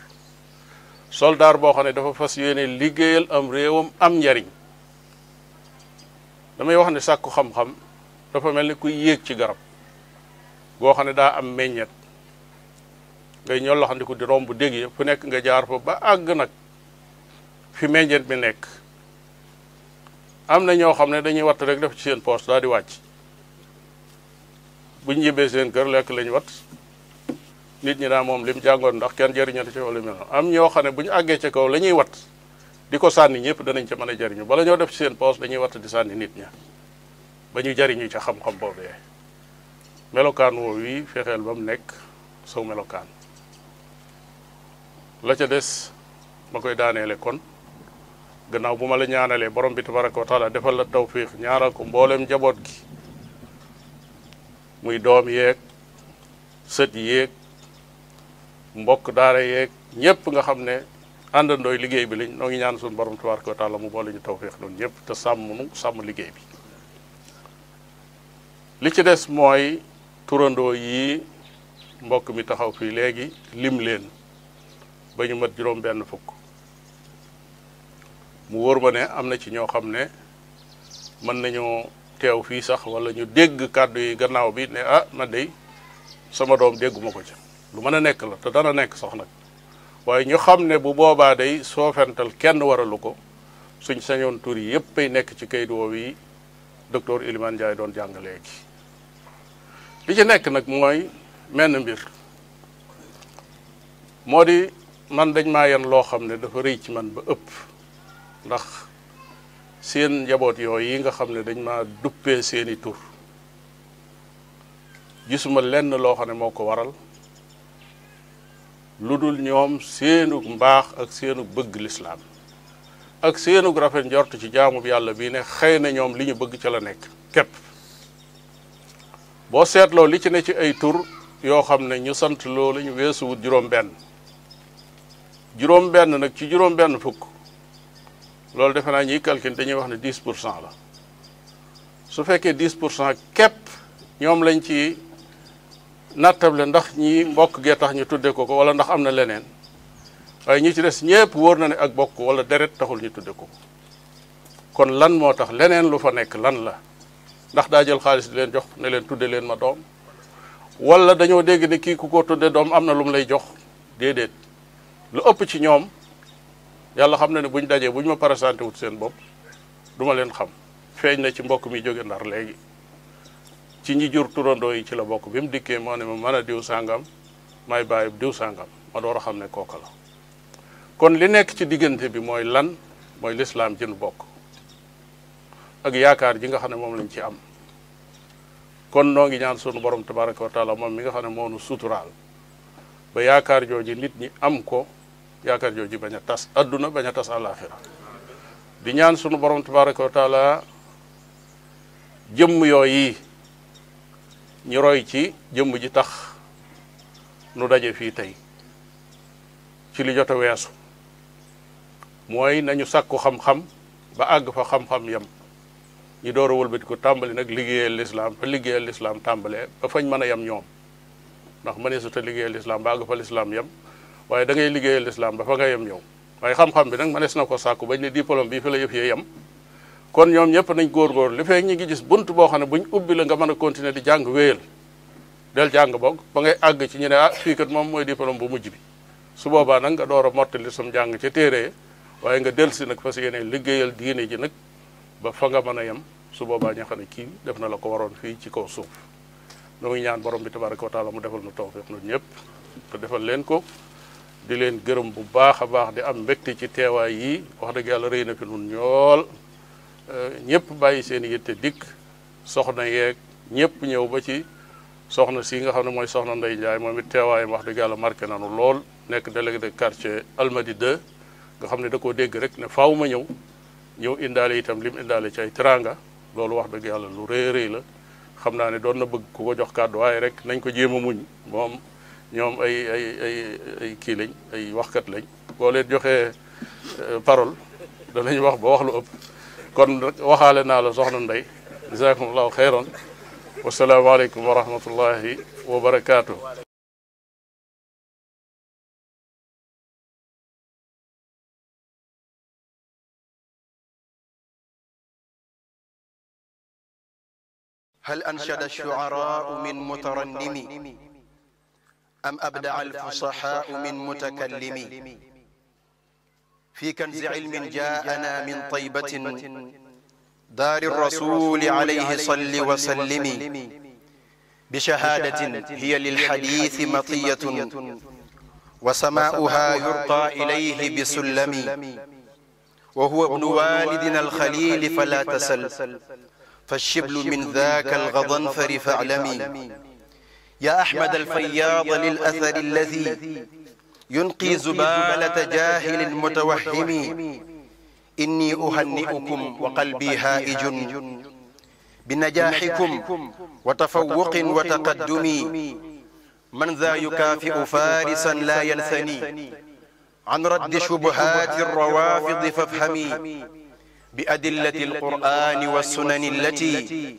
soldaar boo xam ne dafa fas yéene liggéeyal am réewam am njariñ damay wax ne sàkku xam-xam dafa mel ni kuy yéeg ci garab goo xam ne daa am meññet ngay ñol loo di romb dégg ya fu nekk nga jaar fa ba àgg nag fi meññet bi nekk am na ñoo xam ne dañuy watt rek def ci seen poos daal di wàcc bu ñu yëbbee seen kër lekk lañu wat nit ñi naa moom li jàngoon ndax kenn jëriñatu ci wala mel am ñoo xam ne bu ñu àggee ca kaw la ñuy wat di ko sànni ñëpp danañ ca mën a jariñu bala ñoo def ci seen poos dañuy wat di sànni nit ña ba ñu jariñu ca xam-xam boobee melokaan woo wii fexeel ba mu nekk saw melokaan la ca des ma koy daaneele kon gannaaw bu ma la ñaanalee borom bi tabaraka wa taala defal la tawfiix ñaaral ko mbooleem njaboot gi muy doom yeeg sët yeeg mbokk daara yeeg ñëpp nga xam ne àndandooy liggéey bi lañ noo ngi ñaan suñu borom tabaraka wa taala mu boole ñu tawféex noonu ñëpp te sàmm nu sàmm liggéey bi li ci des mooy turandoo yi mbokk mi taxaw fii léegi lim leen ba ñu mat juróom benn fukk mu wóor ma ne am na ci ñoo xam ne mën nañoo teew fii sax walla ñu dégg kàddu yi gannaaw bi ne ah ma de sama doom dégguma ko ca lu mën a nekk la te dana nekk sax nag waaye ñu xam ne bu boobaa day soofental kenn waralu ko suñ sañoon tur yi yépp ay nekk ci kayit woowu yi docteur Elimane Ndiaye doon jàng léegi li ci nekk nag mooy menn mbir moo di man dañ maa yan loo xam ne dafa rëy ci man ba ëpp ndax seen njaboot yooyu yi nga xam ne dañ ma duppee seeni tur gisuma lenn loo xam ne moo ko waral lu dul ñoom seenug mbaax ak seenug bëgg lislaam ak seenug rafet njort ci jaamu bi yàlla bii ne xëy na ñoom li ñu bëgg ca la nekk képp boo seetloo li ci ne ci ay tur yoo xam ne ñu sant loo lañu weesuwut juróom benn juróom benn nag ci juróom benn fukk loolu defe naa ñuy calcul dañuy wax ne 10 pour cent la su fekkee 10 pour cent képp ñoom lañ ci nattable ndax ñi mbokk gee tax ñu tuddee ko ko wala ndax am na leneen waaye ñi ci des ñépp wóor na ne ak bokk wala deret taxul ñu tuddee ko kon lan moo tax leneen lu fa nekk lan la ndax daa jël xaalis di leen jox ne leen tudde leen ma doom wala dañoo dégg ne kii ku ko tudde doom am na lu mu lay jox déedéet lu ëpp ci ñoom yàlla xam na ne bu dajee bu ñu ma présenté wut seen bopp duma leen xam feeñ na ci mbokk mi jóge ndar léegi ci ñi jur turandoo ci la bokk bi mu dikkee moo ne ma mën a diw sàngam may bàyyi diw sàngam ma door a xam ne kooka la kon li nekk ci diggante bi mooy lan mooy lislaam ji nu bokk ak yaakaar ji nga xam ne moom lañ ci am kon noo ñaan sunu borom tabaraka wa moom mi nga xam ne moo nu suturaal ba yaakaar jooju nit ñi am ko yaakaar jooju bañ a tas adduna bañ a tas àllaaxira di ñaan sunu borom tabaraka wa taala jëmm yooyi ñu roy ci jëmm ji tax nu daje fii tey ci li jot a weesu mooy nañu sàkku xam-xam ba àgg fa xam-xam yem ñu door a wëlbati tàmbali nag liggéeyal lislaam fa liggéeyal lislaam tàmbalee ba fañ mën a yem ñoom ndax mëneesut a liggéeyal lislaam ba àgg fa lislaam yem waaye da ngay liggéeyal lislaam dafa nga yem yow waaye xam-xam bi nag mënees na ko sàkku bañ ne diplôme bi fi la yëf yee yem kon ñoom ñëpp nañ góor-góor li fekk ñu ngi gis bunt boo xam ne buñ ubbi la nga mën a continuer di jàng wéyal del jàng boog ba ngay àgg ci ñu ne ah fii kat moom mooy diplôme bu mujj bi su boobaa nag nga door a mottali sam jàng ca téere waaye nga del si nag fas yéene liggéeyal diine ji nag ba fa nga mën a yem su boobaa ña xam ne kii def na la ko waroon fii ci kaw suuf nu ngi ñaan borom bi tabaraka wa taala mu defal nu tawfiq ñun ñëpp defal leen ko di leen gërëm bu baax a baax di am mbégte ci teewaay yi wax dëgg yàlla rëy na fi nun ñool euh, ñëpp bàyyi seen yitte dikk soxna yeeg ñëpp ñëw ba ci soxna si nga xam ne mooy soxna Ndey Njaay moom it teewaayam wax dëgg yàlla marqué nanu lool nekk délégué de quartier Almadi 2 nga xam ne da koo dégg rek ne faw ma ñëw ñëw indaale itam lim indaale ci ay teraanga loolu wax dëgg yàlla lu rëy rëy la xam naa ne doon na bëgg ku ko jox kàddu waaye rek nañ ko jéem a muñ moom ñoom ay ay ay ay kii lañ ay waxkat lañ boo leen joxee euh, parole danañ wax ba wax lu ëpp kon waxaale naa la soxna Ndey jazakumullahu xeyran wasalaamaaleykum wa rahmatullahi wa barakaatu. هل أنشد الشعراء من مترنم am abdaa alfusahaa min mutakallimi fi kanzi ilmin jaana min taybatin daari rasuli alayhi salli wa sallimi bi shahaadatin hiya lilxadiisi matiyatun wa samaa'uhaa yurqaa ilayhi bi sullami wa huwa ibnu waalidina alxaliili falaa tasal fa shiblu min daaka algadanfari fa'lami يا أحمد الفياض للأثر الذي ينقي زبالة جاهل متوهم إني أهنئكم وقلبي هائج بنجاحكم وتفوق وتقدم من ذا يكافئ فارسا لا ينثني عن رد شبهات الروافض فافهمي بأدلة القرآن والسنن التي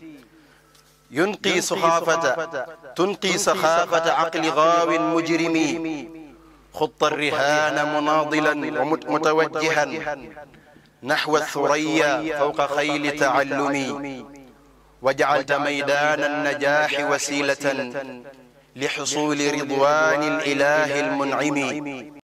ينقي صحافة tunqi saxaafata aqli gaawin mujrimi xutta rihaana munaadilan wa mutawajjihan naxwa thuraya fawqa xayli taallumi wajacalta maydaana annajaaxi wasilatan li xusuuli ridwaani ilaahi almuncimi